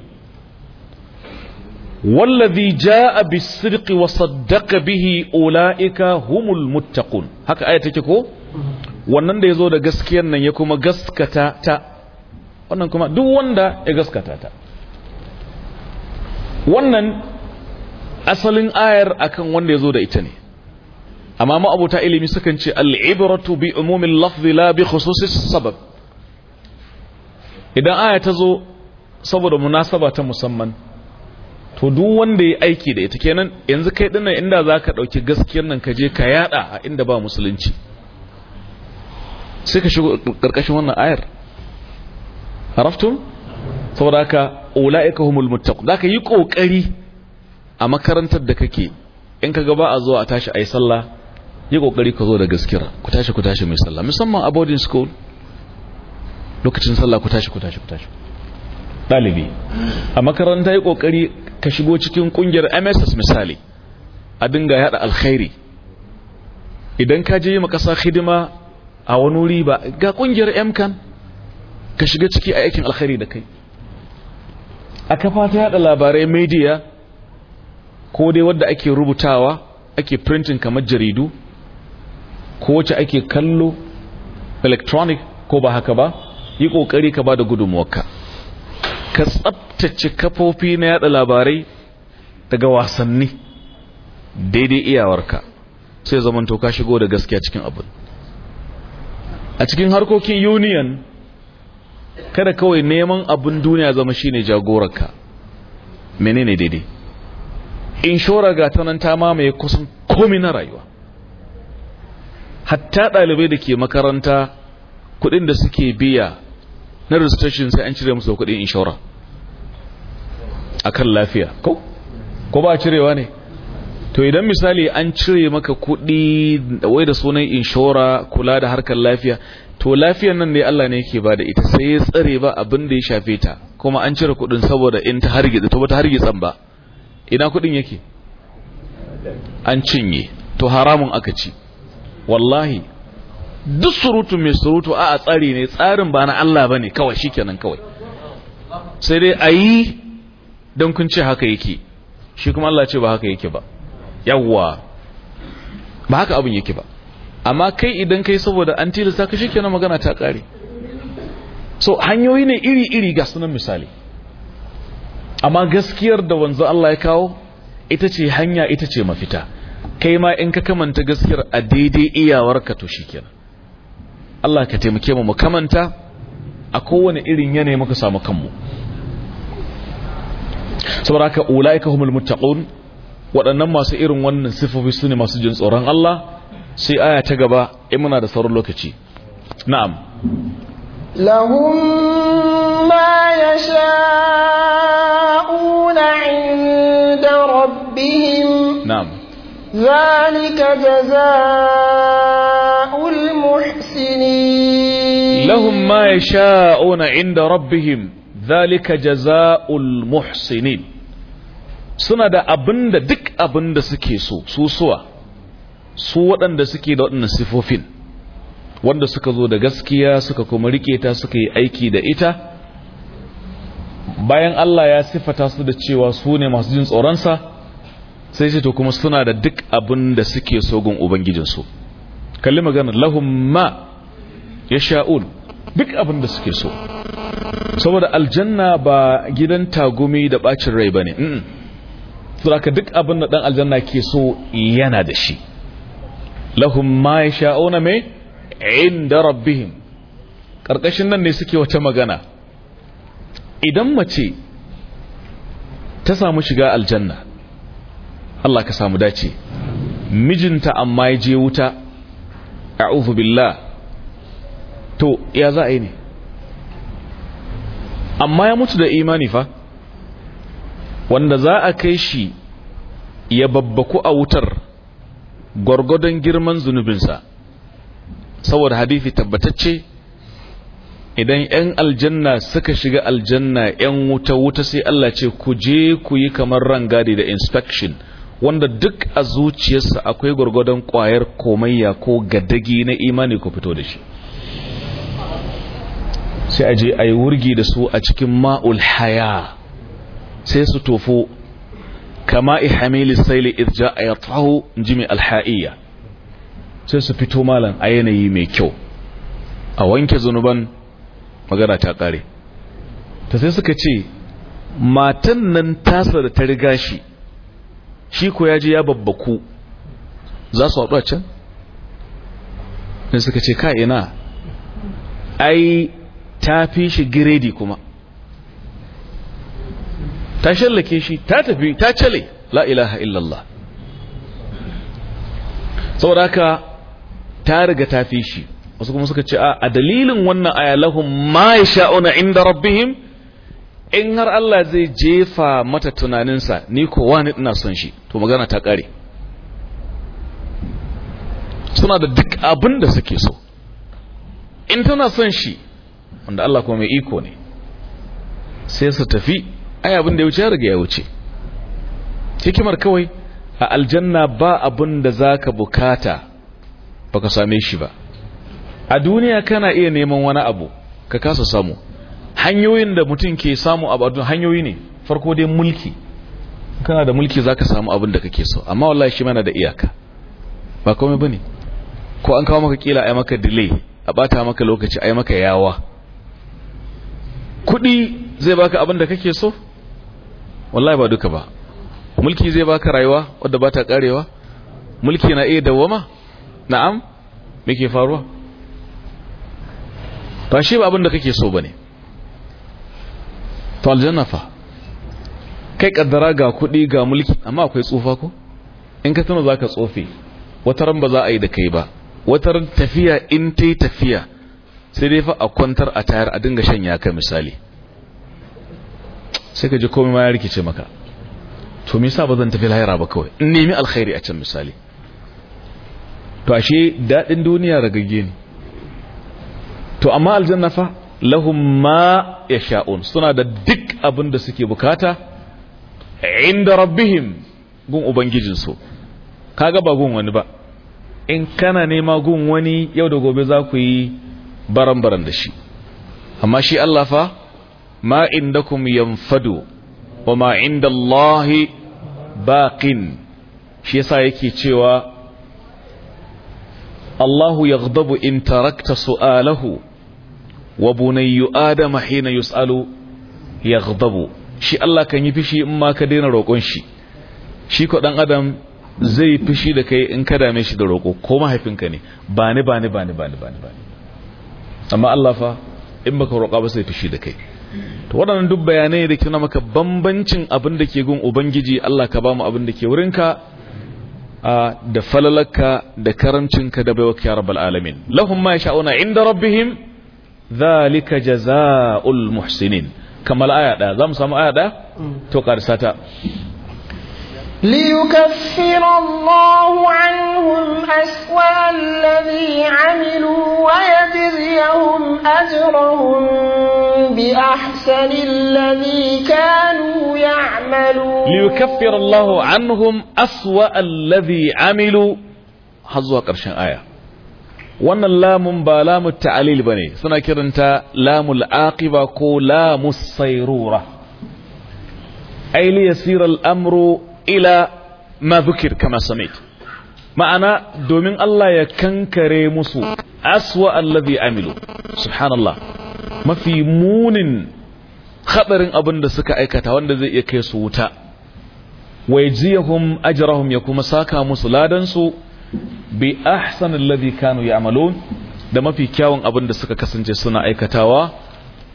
wallazi jaa bisirqi wa saddaqa bihi ulaika humul muttaqun haka aya take ko wannan da ya zo da gaskiyar nan ya kuma gaskata ta wannan kuma duk wanda ya gaskata ta wannan asalin ayar akan wanda ya zo da ita ne amma ma abota ilimi sukan ce al-ibratu bi umumil lafzi la bi khususis sabab idan aya ta zo saboda munasaba ta musamman to duk wanda ya aiki da ita kenan yanzu kai dinna inda za ka ɗauki gaskiyar nan ka je ka yada a inda ba musulunci sai ka shigo ƙarƙashin wannan ayar haraftun saboda ka ula'ika humul za ka yi kokari a makarantar da kake in ka gaba ba a zo a tashi ayi sallah yi kokari ka zo da gaskiya ku tashi ku tashi mai sallah musamman a boarding school lokacin sallah ku tashi ku tashi ku tashi dalibi a makaranta yi kokari ka shigo cikin kungiyar mss misali a dinga yada alkhairi idan ka je ma kasa hidima a wani wuri ba ga kungiyar mkan ka shiga ciki a aikin alkhairi da kai a kafata ta yada labarai media ko dai wadda ake rubutawa ake printing kamar jaridu ko wacce ake kallo electronic ko ba haka ba yi kokari ka ba da gudunmuwarka ka tsabtace kafofi na yada labarai daga wasanni daidai iyawarka sai zaman ka shigo da gaskiya cikin abin a cikin harkokin union kada kawai neman abin duniya zama shine jagorarka menene daidai inshora ga ta ta mamaye kusan komi na rayuwa hatta ɗalibai da ke makaranta kuɗin da suke biya na registration sai an cire musu kuɗin inshora akan lafiya ko ko ba cirewa ne to idan misali an cire maka kuɗi wai da sunan inshora kula da harkar lafiya to lafiyar nan ne Allah ne yake bada ita sai ya tsare ba abin da ya shafe ta kuma an cire kuɗin saboda in ta hargitsa to ba ta hargitsan ba ina kuɗin yake an cinye to haramun aka ci wallahi duk surutu mai surutu a a tsari ne tsarin ba na Allah ba ne kawai shikenan kawai sai dai a yi don kun ce haka yake shi kuma Allah ce ba haka yake ba yawwa ba haka abin yake ba amma kai idan kai saboda an tilasta ka shikenan magana ta kare so hanyoyi ne iri-iri ga sunan misali amma gaskiyar da wanzu Allah ya kawo ita ce hanya ita ce mafita kai ma in ka kamanta gaskiyar a daidai iyawarka to kenan Allah ka taimake mu mu a kowane irin yanayi muka samu kanmu saboda haka ulaika humul muttaqun waɗannan masu irin wannan sifofi su masu jin tsoron Allah sai aya ta gaba in muna da sauran lokaci na'am lahum ma yasha'una 'inda rabbihim na'am ذلك جزاء سنين لهم ما يشاءون عند ربهم ذلك جزاء المحسنين suna da abin da duk abin da suke so su suwa su waɗanda suke da waɗannan sifofin wanda suka zo da gaskiya suka kuma rike ta suka yi aiki da ita bayan Allah ya sifata su da cewa su ne masu jin tsoronsa sai sai to kuma suna da duk abin da suke so gun ubangijinsu kalli magana lahum ma ya sha'un duk abin da suke so saboda aljanna ba gidan tagumi da bacin rai ba ne ka duk abin da dan aljanna ke so yana da shi lahum ma ya sha'una mai inda rabbihim ƙarƙashin nan ne suke wata magana idan mace ta samu shiga aljanna Allah ka samu dace mijinta amma ya je wuta a'udhu billah to ya za a yi ne amma ya mutu da imani fa wanda za a kai shi ya babbaku a wutar gwargwadon girman zunubinsa saboda hadithi tabbatacce idan 'yan aljanna suka shiga aljanna 'yan wuta wuta sai Allah ce ku je ku yi kamar rangadi da inspection wanda duk a zuciyarsa akwai gwargwadon kwayar komayya ko gadagi na imani ku fito da shi sai a je a yi wurgi da su a cikin ma'ul haya sai su tofo kama ihamili saili irja a yatahu jimi alha'iyya sai su fito malam a yanayi mai kyau a wanke zunuban magana ta kare ta sai suka ce matan nan tasa da ta riga shi shi ko ya je ya babbaku za su haɗu a can ne suka ce ka ina ai ta fi shi giredi kuma ta shallake shi ta tafi ta cale la ilaha illallah saboda haka ta riga ta fi shi wasu kuma suka ce a dalilin wannan ayalahun ma ya sha'una inda rabbihim in har Allah zai jefa mata tunaninsa ni ko wani ina son shi to magana ta kare suna da duk abin da suke so in tana son shi wanda Allah kuma mai iko ne sai su tafi ai abin da ya wuce ya riga ya wuce hikimar kawai a aljanna ba abin da zaka bukata baka same shi ba a duniya kana iya neman wani abu ka kasa samu hanyoyin da mutum ke samu a badun hanyoyi ne farko dai mulki kana da mulki za ka samu abin da kake so amma wallahi shi mana da iyaka ba komai ne ko an kawo maka kila a yi maka delay a bata maka lokaci a yi maka yawa kudi zai baka abin da kake so wallahi ba duka ba mulki zai baka rayuwa wadda ba ta karewa mulki na iya dawama na'am me ke faruwa ba shi ba abin da kake so ba ne. to aljanna fa kai kaddara ga kuɗi ga mulki amma akwai tsufa ko in ka tuna za ka wata wataran ba za a yi da kai ba wataran tafiya in ta yi tafiya sai dai fa a kwantar a tayar a dinga shan yaka misali sai ka ji komai ma ya rikice maka to me yasa ba zan tafi lahira ba kawai in nemi alkhairi a can misali to ashe dadin duniya ragagge ne to amma aljanna fa lahum ma ya sha'un suna da duk abin da suke bukata inda rabbihim gun ubangijinsu kaga ba gun wani ba in kana nema gun wani yau da gobe za ku yi baran-baran da shi amma shi Allah fa ma kuma yanfadu wa ma inda Allahi baƙin shi yasa yake cewa Allahu yaghdabu in tarakta su'alahu wa bunayyu adama hina yus'alu yaghdabu shi Allah kan yi fishi in ma ka daina roƙon shi shi ko dan adam zai fishi da kai in ka dame shi da roƙo ko mahaifinka ne ba ni ba ni ba ni ba ni ba ni amma Allah fa in baka roƙa ba sai fishi da kai to waɗannan duk bayanai da kina maka bambancin abin da ke gun ubangiji Allah ka ba mu abin da ke wurinka Uh, da falalaka da karancinka da baiwa ya rabbal alamin lahum ma yasha'una inda rabbihim ذلك جزاء المحسنين كما الآية ده زم سمو آية ده تقر ستا ليكفر الله عنهم أسوأ الذي عملوا ويجزيهم أجرهم بأحسن الذي كانوا يعملون ليكفر الله عنهم أسوأ الذي عملوا حظوا قرشان آية wannan lamun ba lamu ta'alil ba ne suna kiranta lamul aqiba ko lamus sairura ai li yasira ila ma dhukir kama samit ma'ana domin Allah ya kankare musu aswa alladhi amilu subhanallah mafi munin haɗarin abin da suka aikata wanda zai iya kai su wuta wayjiyahum ajrahum ya kuma saka musu Ladansu? bi ahsan alladhi kanu ya'malun da mafi kyawun abin da suka kasance suna aikatawa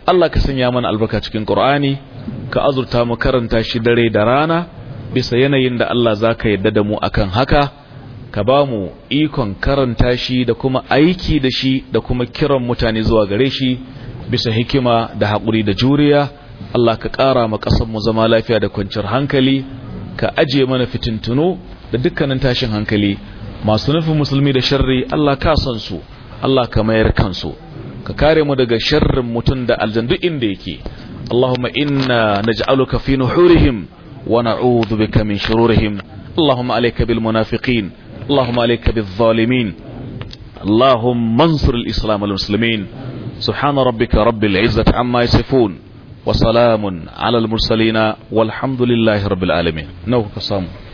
Allah ka sanya mana albarka cikin Qur'ani ka azurta mu karanta shi dare da rana bisa yanayin da Allah zaka yadda da mu akan haka ka ba mu ikon karanta shi da kuma aiki da shi da kuma kiran mutane zuwa gare shi bisa hikima da haƙuri da juriya Allah ka ƙara ma mu zama lafiya da kwanciyar hankali ka ajiye mana fitintunu da dukkanin tashin hankali masu nufin musulmi da sharri Allah ka san su Allah ka mayar kansu ka kare mu daga sharrin mutum da aljandu inda yake Allahumma inna naj'aluka fi nuhurihim wa na'udhu bika min shururihim Allahumma alayka bil munafiqin Allahumma alayka bil zalimin Allahumma ansur al islam wal muslimin subhana rabbika rabbil izzati amma yasifun wa salamun ala al mursalin walhamdulillahi rabbil alamin nau ka samu